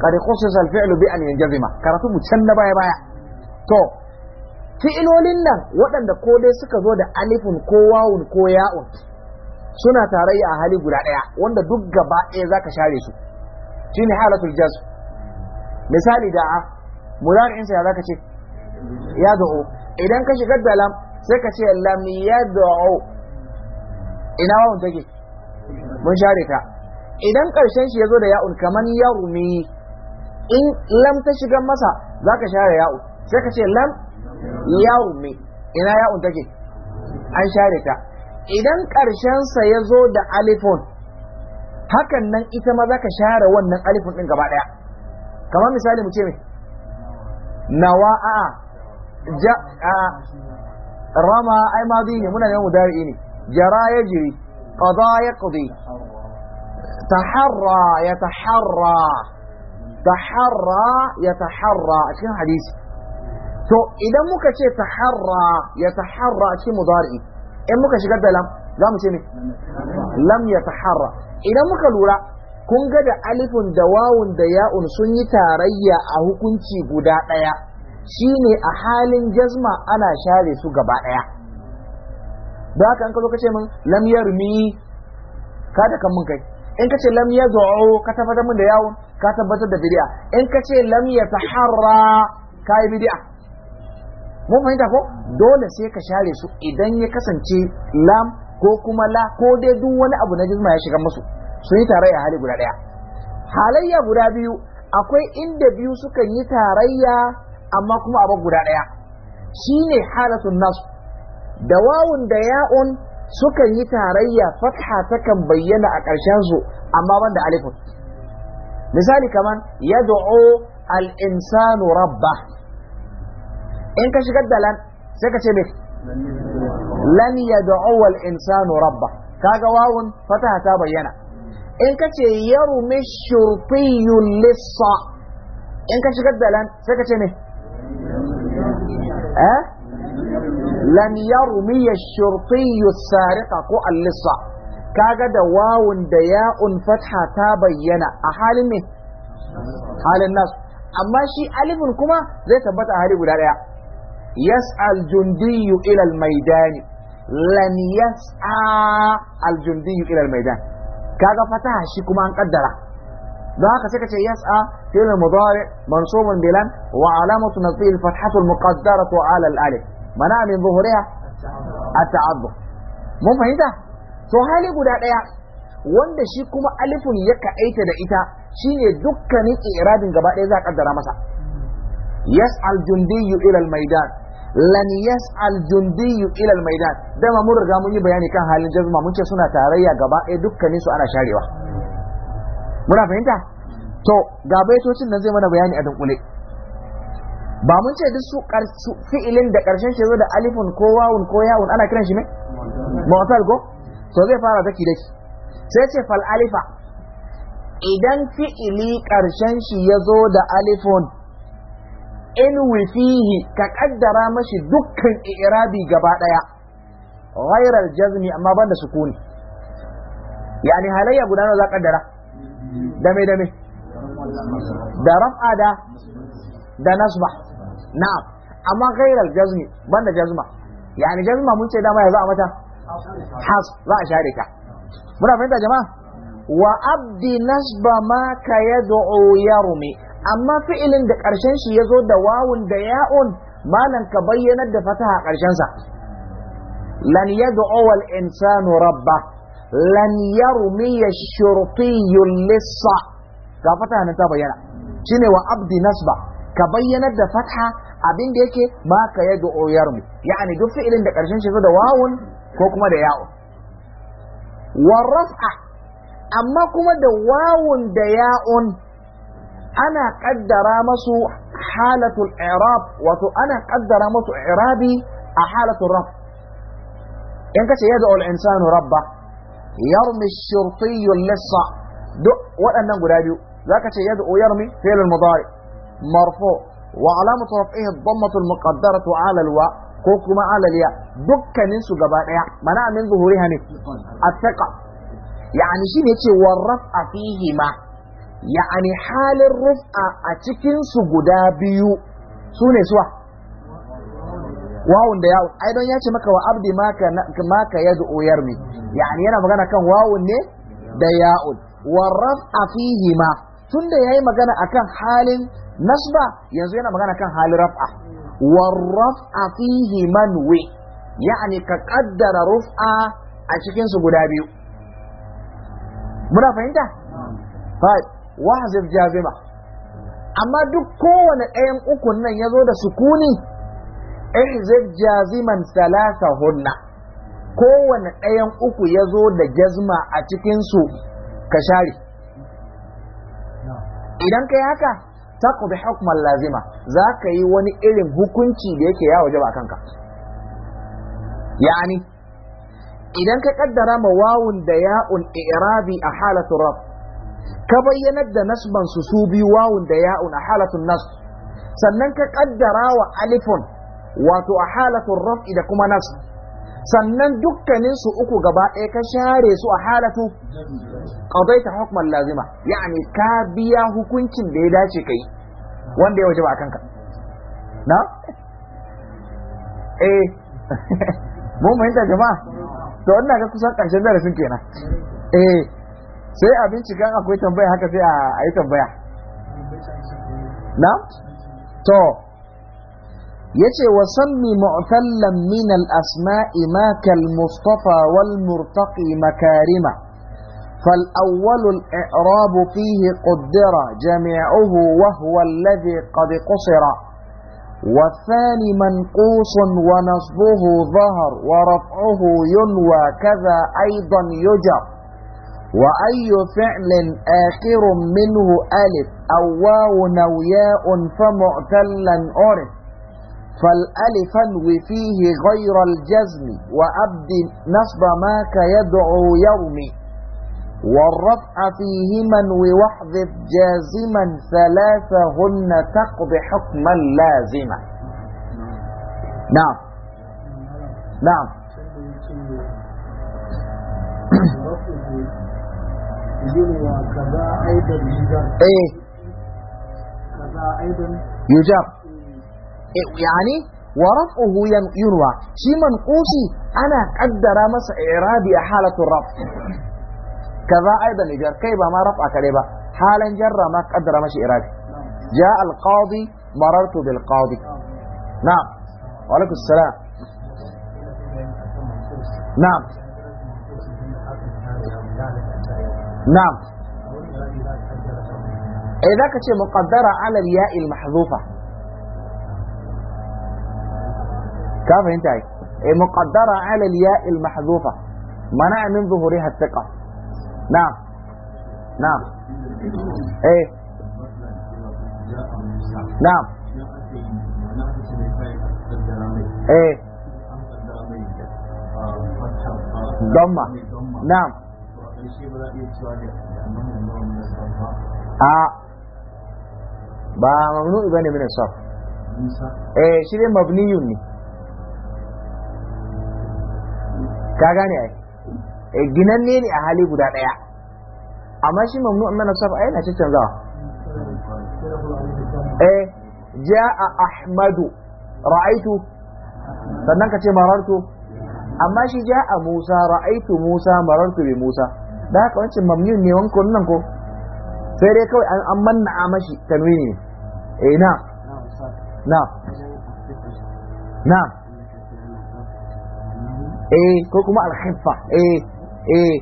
qad khussasa al-fi'lu bi an yanjazima karatu mu can na baya baya to fi'ilolin nan waɗanda ko dai suka zo da alifun ko wawun ko ya'un suna tarayya a hali guda ɗaya wanda duk gaba ɗaya zaka share su shine halatul jazm misali da a mudari'insa ya zaka ce ya da'u idan ka shigar sai ka ce lam ya da'u ina wawun take mun share ta idan ƙarshen shi ya zo da ya'un kamar kaman ne. in lam ta shiga masa za ka share ya'u sai ka ce lam ya'u me ina ya'un take an share ta idan ƙarshensa ya zo da alifun hakan nan ita ma za ka share wannan alifun ɗin gaba ɗaya kamar misali mu ce me nawa a ja a rama ai ma ne muna ne dari ne jara ya jiri qada ya qadi taharra ya taharra taharra ya taharra a cikin hadisi to idan muka ce taharra ya taharra a cikin mudari in muka shigar da lam za mu ce ne lam ya taharra idan muka lura kun ga da alifun da wawun da ya'un sun yi tarayya a hukunci guda ɗaya shine a halin jazma ana share su gaba ɗaya da haka an ka ka ce min lam yarmi ka da kan mun kai in ka ce lam yaz'u ka tabbatar min da yawun ka tabbatar da bid'a in ka kace lam yataharra ka yi bid'a mun fahimta ko dole sai ka share su idan ya kasance lam ko kuma la ko dai duk wani abu na jizma ya shiga musu sun yi tarayya hali guda daya halayya guda biyu akwai inda biyu suka yi tarayya amma kuma abu guda daya shine halatun nasu da wawun da ya'un sukan yi tarayya fatha takan bayyana a ƙarshen su amma banda alifun misali kaman yad'u al-insanu rabba in ka shigar da lan sai ka ce me lan yad'u al-insanu rabba kaga wawun fataha ta bayyana in ka ce yarmi shurtiyul lissa in ka shigar da lan sai ka ce me eh لن يرمي الشرطي السارق قو اللصة كاغا واو دياء فتحة تابينا أحال مه حال الناس أما شي ألف كما زي تبت أهالي قدار يسعى الجندي إلى الميدان لن يسعى الجندي إلى الميدان كاغا فتحة شي كما أنقدره ده كسكة يسعى في المضارع منصوب بلان وعلامة نصبه الفتحة المقدرة على الألف mana min zuhuriha at-ta'addu mun fahimta to hali guda daya wanda shi kuma alifun ya ka'aita da ita shine dukkanin irabin gaba daya za a kaddara masa yas'al jundiyyu ila al-maidan lan yas'al jundiyyu ila al-maidan da mun riga mun yi bayani kan halin jazma mun ce suna tarayya gaba daya dukkanin su ana sharewa muna fahimta to ga baitocin nan zai mana bayani a dunkule ba mun ce duk su fi'ilin da karshen shi zo da alifun ko wawun ko yawun ana kiran shi ne mu'tal go? so zai fara daki daki sai ce fal alifa idan fi'ili karshen shi ya zo da alifun in wifihi ka kaddara mashi dukkan i'rabi gaba daya ghairal jazmi amma ban banda sukuni yani halayya guda na za kaddara dame dame da raf'a da da nasba na'am amma ghairal jazmi banda jazma yani jazma mun ce dama ya za a mata has za a share ta muna fahimta jama'a wa abdi nasba ma ka yad'u yarmi amma fi'ilin da karshen shi yazo da wawun da ya'un malan ka bayyanar da fataha karshen sa lan yad'u al insanu rabba lan yarmi ash-shurti lissa ga fataha ta bayyana shine wa abdi nasba ka bayyanar da fatha abin da yake ma ka yadda oyarmu ya'ani duk fi'ilin da ƙarshen shi da wawun ko kuma da ya'un warraf'a amma kuma da wawun da ya'un ana ƙaddara masu halatul i'rab wato ana ƙaddara masu i'rabi a halatul raf in kace yadda al-insanu rabba yarmi shurtiyyu lissa duk waɗannan guda biyu zaka ce yadda yarmi fi'il mudari marfu wa alamatu raf'ihi dhammatu al-muqaddaratu 'ala al ko kuma 'ala al-ya dukkanin su gaba daya mana min zuhuriha ne athaqa yani shine ce wa raf'a fihi ma yani halin ruf'a a cikin su guda biyu Su sune suwa wawun da yawun ai don ya ce maka wa abdi maka maka ya zuoyar ne yani yana magana kan wawun ne da ya'un wa raf'a fihi ma tunda yayi magana akan halin nasba yanzu yana magana kan halin raf'a raf'a fihi manwi ya'ani ka kaddara ruf'a a cikin su guda biyu muna fahimta fa wahzif jazima amma duk kowane ɗayan ukun nan yazo da sukuni zai jaziman salasa hunna kowane ɗayan uku yazo da jazma a cikinsu ka share idan kai haka taqdi hukman lazima za ka yi wani irin hukunci da yake ya a kanka yani idan ka kaddara ma wawun da ya'un i'rabi a halatu rab ka bayyanar da nasban su su biyu wawun da ya'un a halatun Nas, sannan ka kaddara wa alifun wato a halatun Rab da kuma Nas. sannan dukkanin su uku gaba ɗaya ka share su a halatu qadaita hukman lazima yani ka biya hukuncin da ya dace kai wanda ya wajaba akan ka na eh [laughs] mun fahimta jama'a to ina ga kusan ƙarshen darasin kenan eh sai a binciken akwai tambaya haka sai a yi tambaya na to yace wa معتلا من الاسماء ما كالمصطفى والمرتقي kal فالأول الإعراب فيه قدر جميعه وهو الذي قد قصر والثاني منقوص ونصبه ظهر ورفعه ينوى كذا أيضا يجر وأي فعل آخر منه ألف أو واو أو ياء فمعتلا عرف فالالف انوي فيه غير الجزم وابد نصب ما كيدعو يومي والرفع فيهما انوي جازما ثلاثهن تقضي حكما لازما نعم نعم ايه كذا ايضا يجاب يعني ورفعه ينوى شي منقوصي أنا قدر مس إعرابي حالة الرفع كذا أيضا اذا كيف ما رفع كذا حالا جر ما قدر مس إعرابي جاء القاضي مررت بالقاضي نعم وعليكم السلام نعم نعم إذا كنت مقدرة على الياء المحذوفة كيف انت اي مقدرة على الياء المحذوفة منع من ظهورها الثقة نعم نعم ايه نعم ايه ضمة نعم آه. با ممنوع بني من الصرف ايه شيء مبني يوني ka gane ai eh, ginanne ne a hali guda daya amma shi mamnu amma na safa ai na ci canzawa eh ja'a ahmadu ra'aitu sannan ka ce marartu amma shi ja'a musa ra'aitu musa marartu bi musa da haka wancan mamnun ne wanko nan ko sai dai kawai an manna a mashi tanwini eh na na na eh ko kuma alhifa eh eh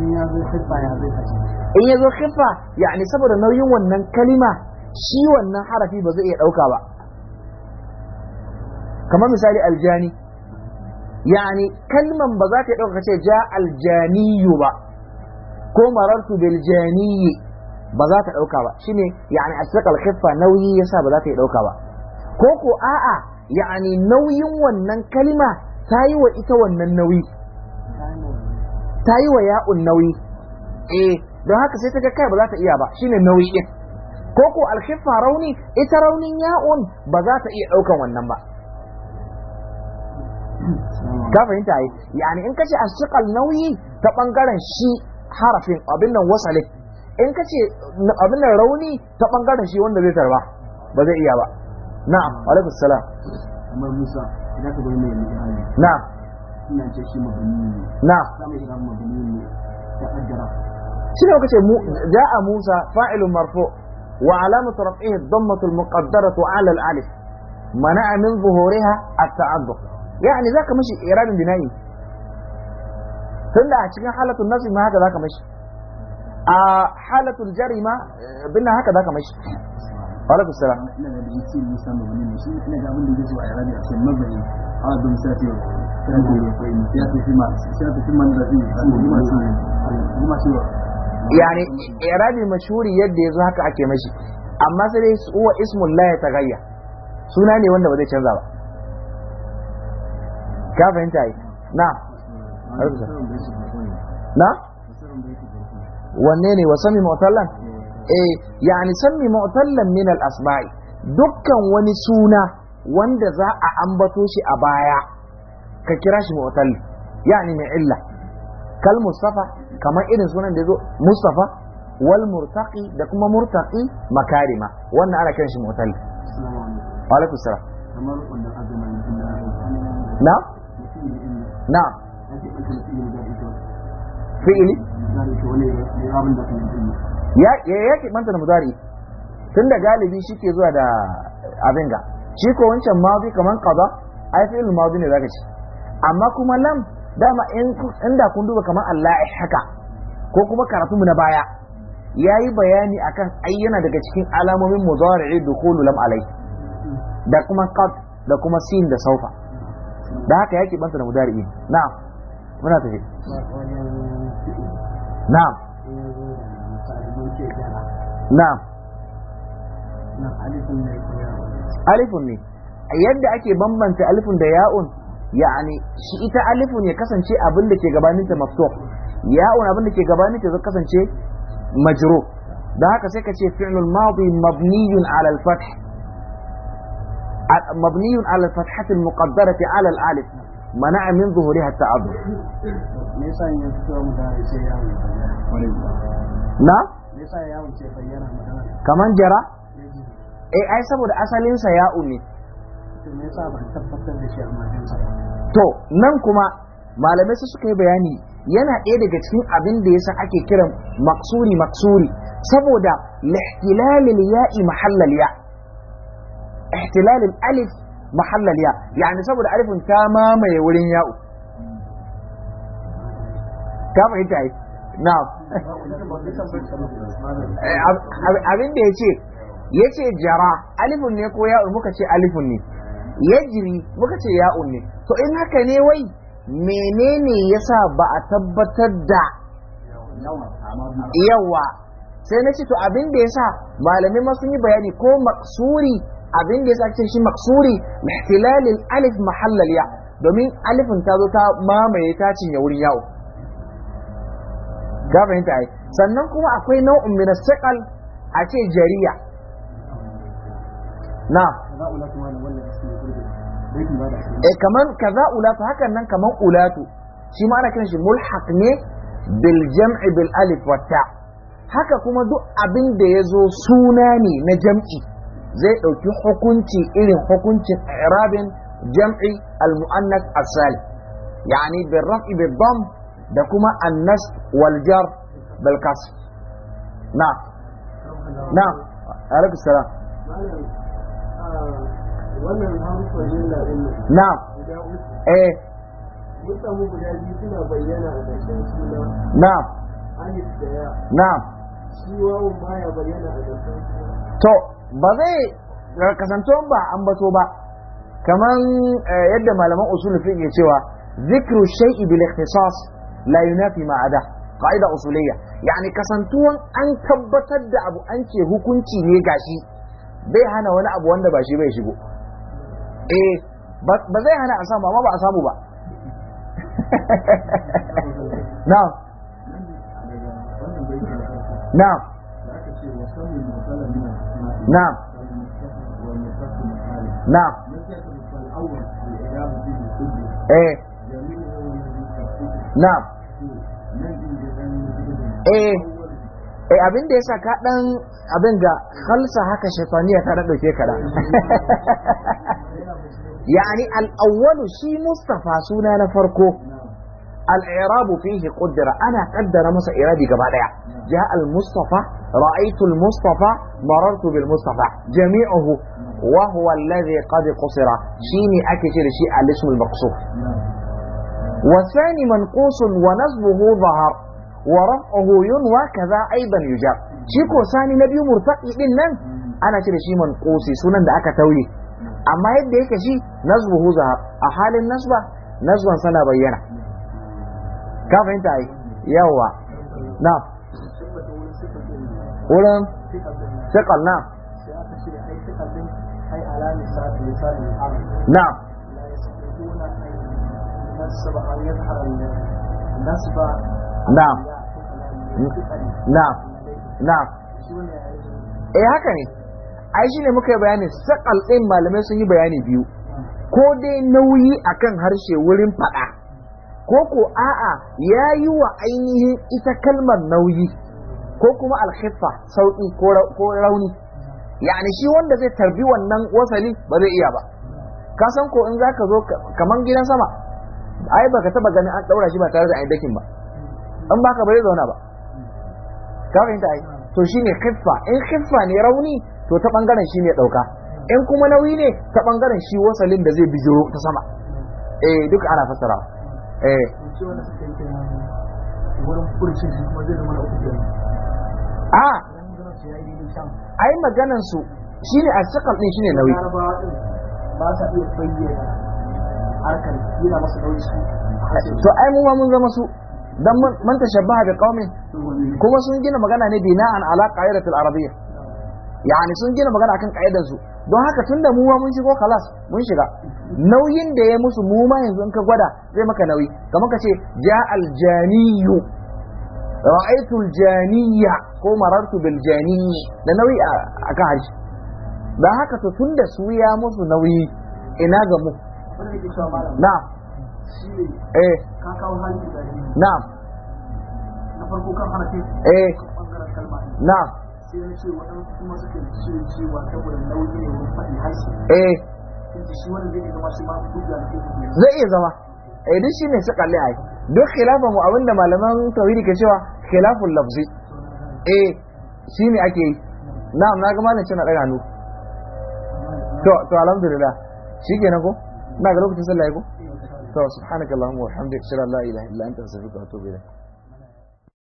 in ya zo khiffa yani saboda nauyin wannan kalima shi wannan harafi ba zai iya ɗauka ba kamar misali aljani yani kalman ba za ta ɗauka ce ja aljaniyu ba ko marartu bil janiyi ba za ta ɗauka ba shine yani asraqal khiffa nauyi yasa ba za ta ɗauka ba ko ko a'a yani nauyin wannan kalima ta yi wa ita wannan nauyi ta yi wa ya'un nauyi eh don haka sai ta ga kai ba za ta iya ba shine nauyi din ko ko alkhiffa rauni ita raunin ya'un ba za ta iya daukan wannan ba ka fahimta ai yani in kace asqal nauyi ta bangaren shi harafin abin nan wasalin in kace abin nan rauni ta bangaren shi wanda zai tarba ba zai iya ba na'am alaikum salam kamar musa idan ka bayyana mai hali na'am ina ce shi mabani ne na'am zamu yi ran mabani ne da ajara shi ne kace mu ja'a musa fa'ilun marfu wa alamatu raf'ihi dhammatu al-muqaddaratu 'ala al-alif mana'a min zuhuriha at-ta'adduq yani zaka mishi irabin binayi tunda a cikin halatun nasi ma haka zaka mishi a halatul jari ma binna haka zaka mishi alaikum salam ina ne yadda yazo haka ake mashi amma sai dai huwa ismul la yataghayya suna ne wanda ba zai canza ba ka fahimta yi na wanne ne wasami mutallan eh yani sammi mu'tallan min al-asma'i dukkan wani suna wanda za a ambato shi a baya ka kira shi mu'tall yani mai illa kal mustafa kamar irin sunan da yazo mustafa wal murtaqi da kuma murtaqi makarima wannan ana kiran shi mu'tall wa alaikum salam kamar wannan azumin na na fi'ili ya ya manta da mudari tun da galibi shi ke zuwa da abin ga shi ko wancan mawabi kaman kaza ai fi ilmu mazi ne zaka ci amma kuma lam dama in da kun duba kaman Allah haka ko kuma karatu mu na baya yayi bayani akan ai yana daga cikin alamomin mudari dukhulu lam alai da kuma qad da kuma sin da saufa da haka yake banta da mudari na'am muna tafi na'am نعم ألف ني يد أكي بمبن في ألف دياء يعني شيء تألف يكسن شيء أبن لكي قباني مفتوح ياء أبن لكي قباني تذكسن شيء مجرو دهك سيكا شيء فعل الماضي مبني على الفتح مبني على الفتحة المقدرة على الألف منع من ظهورها التعذر نعم kaman jara eh ai saboda asalin sa ya ne to nan kuma malamai su suka yi bayani yana ɗaya daga cikin abin da yasa ake kiran maksuri maksuri saboda lihtilalil ya'i mahallal ya ihtilalil alif mahallal ya yani saboda alifin ta mamaye wurin ya'u ta fahimta ai Eh, abin da ya ce ya ce jara alifun ne ko ya'un muka ce alifun ne ya jiri muka ce ya'un ne to in haka ne wai menene ya sa ba a tabbatar da yawa sai na ce to abin da sa malamai ma sun yi bayani ko maksuri abin da sa ce shi maksuri mihtilalil alif mahallal ya domin alifin ta zo ta mamaye ta cinye wurin yawo ka fahimta ai sannan kuma akwai nau'in min saqal a ce jariya na eh kaman kaza ulatu hakan nan kaman ulatu shi ma ana kiran shi mulhaq ne bil jam'i bil alif wa ta haka kuma duk abin da ya zo suna ne na jam'i zai ɗauki hukunci irin hukuncin irabin jam'i al-mu'annas asali yani bil raf'i bil dhamm da kuma annas Waljar jar na na alaikum na na eh mutamu guda biyu suna bayyana a ƙarshen suna na alif da ya na shi wawun baya bayyana a ƙarshen suna to ba zai kasanto ba an bato ba kaman eh, yadda malaman usul fiqh cewa zikru shay'i bil ikhtisas la yunafi ma ada qaida usuliyya yani kasantuwan an tabbatar da abu anke hukunci ne gashi bai hana wani abu wanda ba shi bai shigo eh ba zai hana a samu amma ba a samu ba na na na na eh na'am eh eh abin da yasa ka dan abin ga khalsa haka shaytaniya ta dauke ka da [laughs] yani al-awwalu shi mustafa suna na farko الإعراب فيه قدر أنا قدر مسا إرادي قبالها جاء المصطفى رأيت المصطفى مررت بالمصطفى جميعه وهو الذي قد قصر شيني أكشل شيء الاسم المقصود والثاني منقوص ونصبه ظهر ورفعه ينوى كذا ايضا يجر شيكو ثاني نبي مرتقي ديننا انا كده شي منقوص سنن ده aka tauye amma yadda yake shi nazbuhu zahar a halin nazba nazban sana bayyana ka fahimta ai yawa na ulan sikal na na na'am na'am na'am eh haka ne ai shi ne muka yi bayani sakal ɗin malamai sun yi bayani biyu ko dai nauyi akan harshe wurin faɗa ko ko a'a ya yi wa ainihin ita kalmar nauyi ko kuma alkhifa sauƙi ko rauni yani shi wanda zai tarbi wannan wasali ba zai iya ba ka san ko in za ka zo kamar gidan sama ai baka taba ganin an daura shi ba tare da a'idakin dakin ba An baka bare zauna ba ka fahimta ai to shine khiffa in khiffa ne rauni to ta bangaren shi ne dauka in kuma nauyi ne ta bangaren shi wasalin da zai bijiro ta sama eh duk ana fassara eh a ai maganan su shine a sakal din shine nauyi ba sa iya bayyana harkar yana to ai mu ma mun zama su dan man tashabbaha bi qaumin kuma sun gina magana ne bina'an ala qa'idatil arabiyya yani sun gina magana akan qaidan su don haka tunda mu ma mun shigo khalas mun shiga nauyin da ya musu mu ma yanzu in ka gwada zai maka nauyi kamar ka ce ja'al janiyu ra'aytu janiya ko marartu bil janiyyi da nauyi akan harshe dan haka to tunda su ya musu nauyi ina ga mu na'am eh ka kawo hali da na'am na farko kan hana eh na'am sai ce waɗansu kuma suke cewa saboda nauyi ne wani faɗi harshe eh shi wani zai iya zama shi ma duk da zai iya zama eh duk su kalli yi. duk khilafan mu abinda malaman tauhidi ke cewa khilaful lafzi eh ne ake yi na'am na ga shi na ɗaga hannu to to alhamdulillah ko ما قالوا كنت سبحانك اللهم وبحمدك اشهد ان لا اله الا انت استغفرك واتوب اليك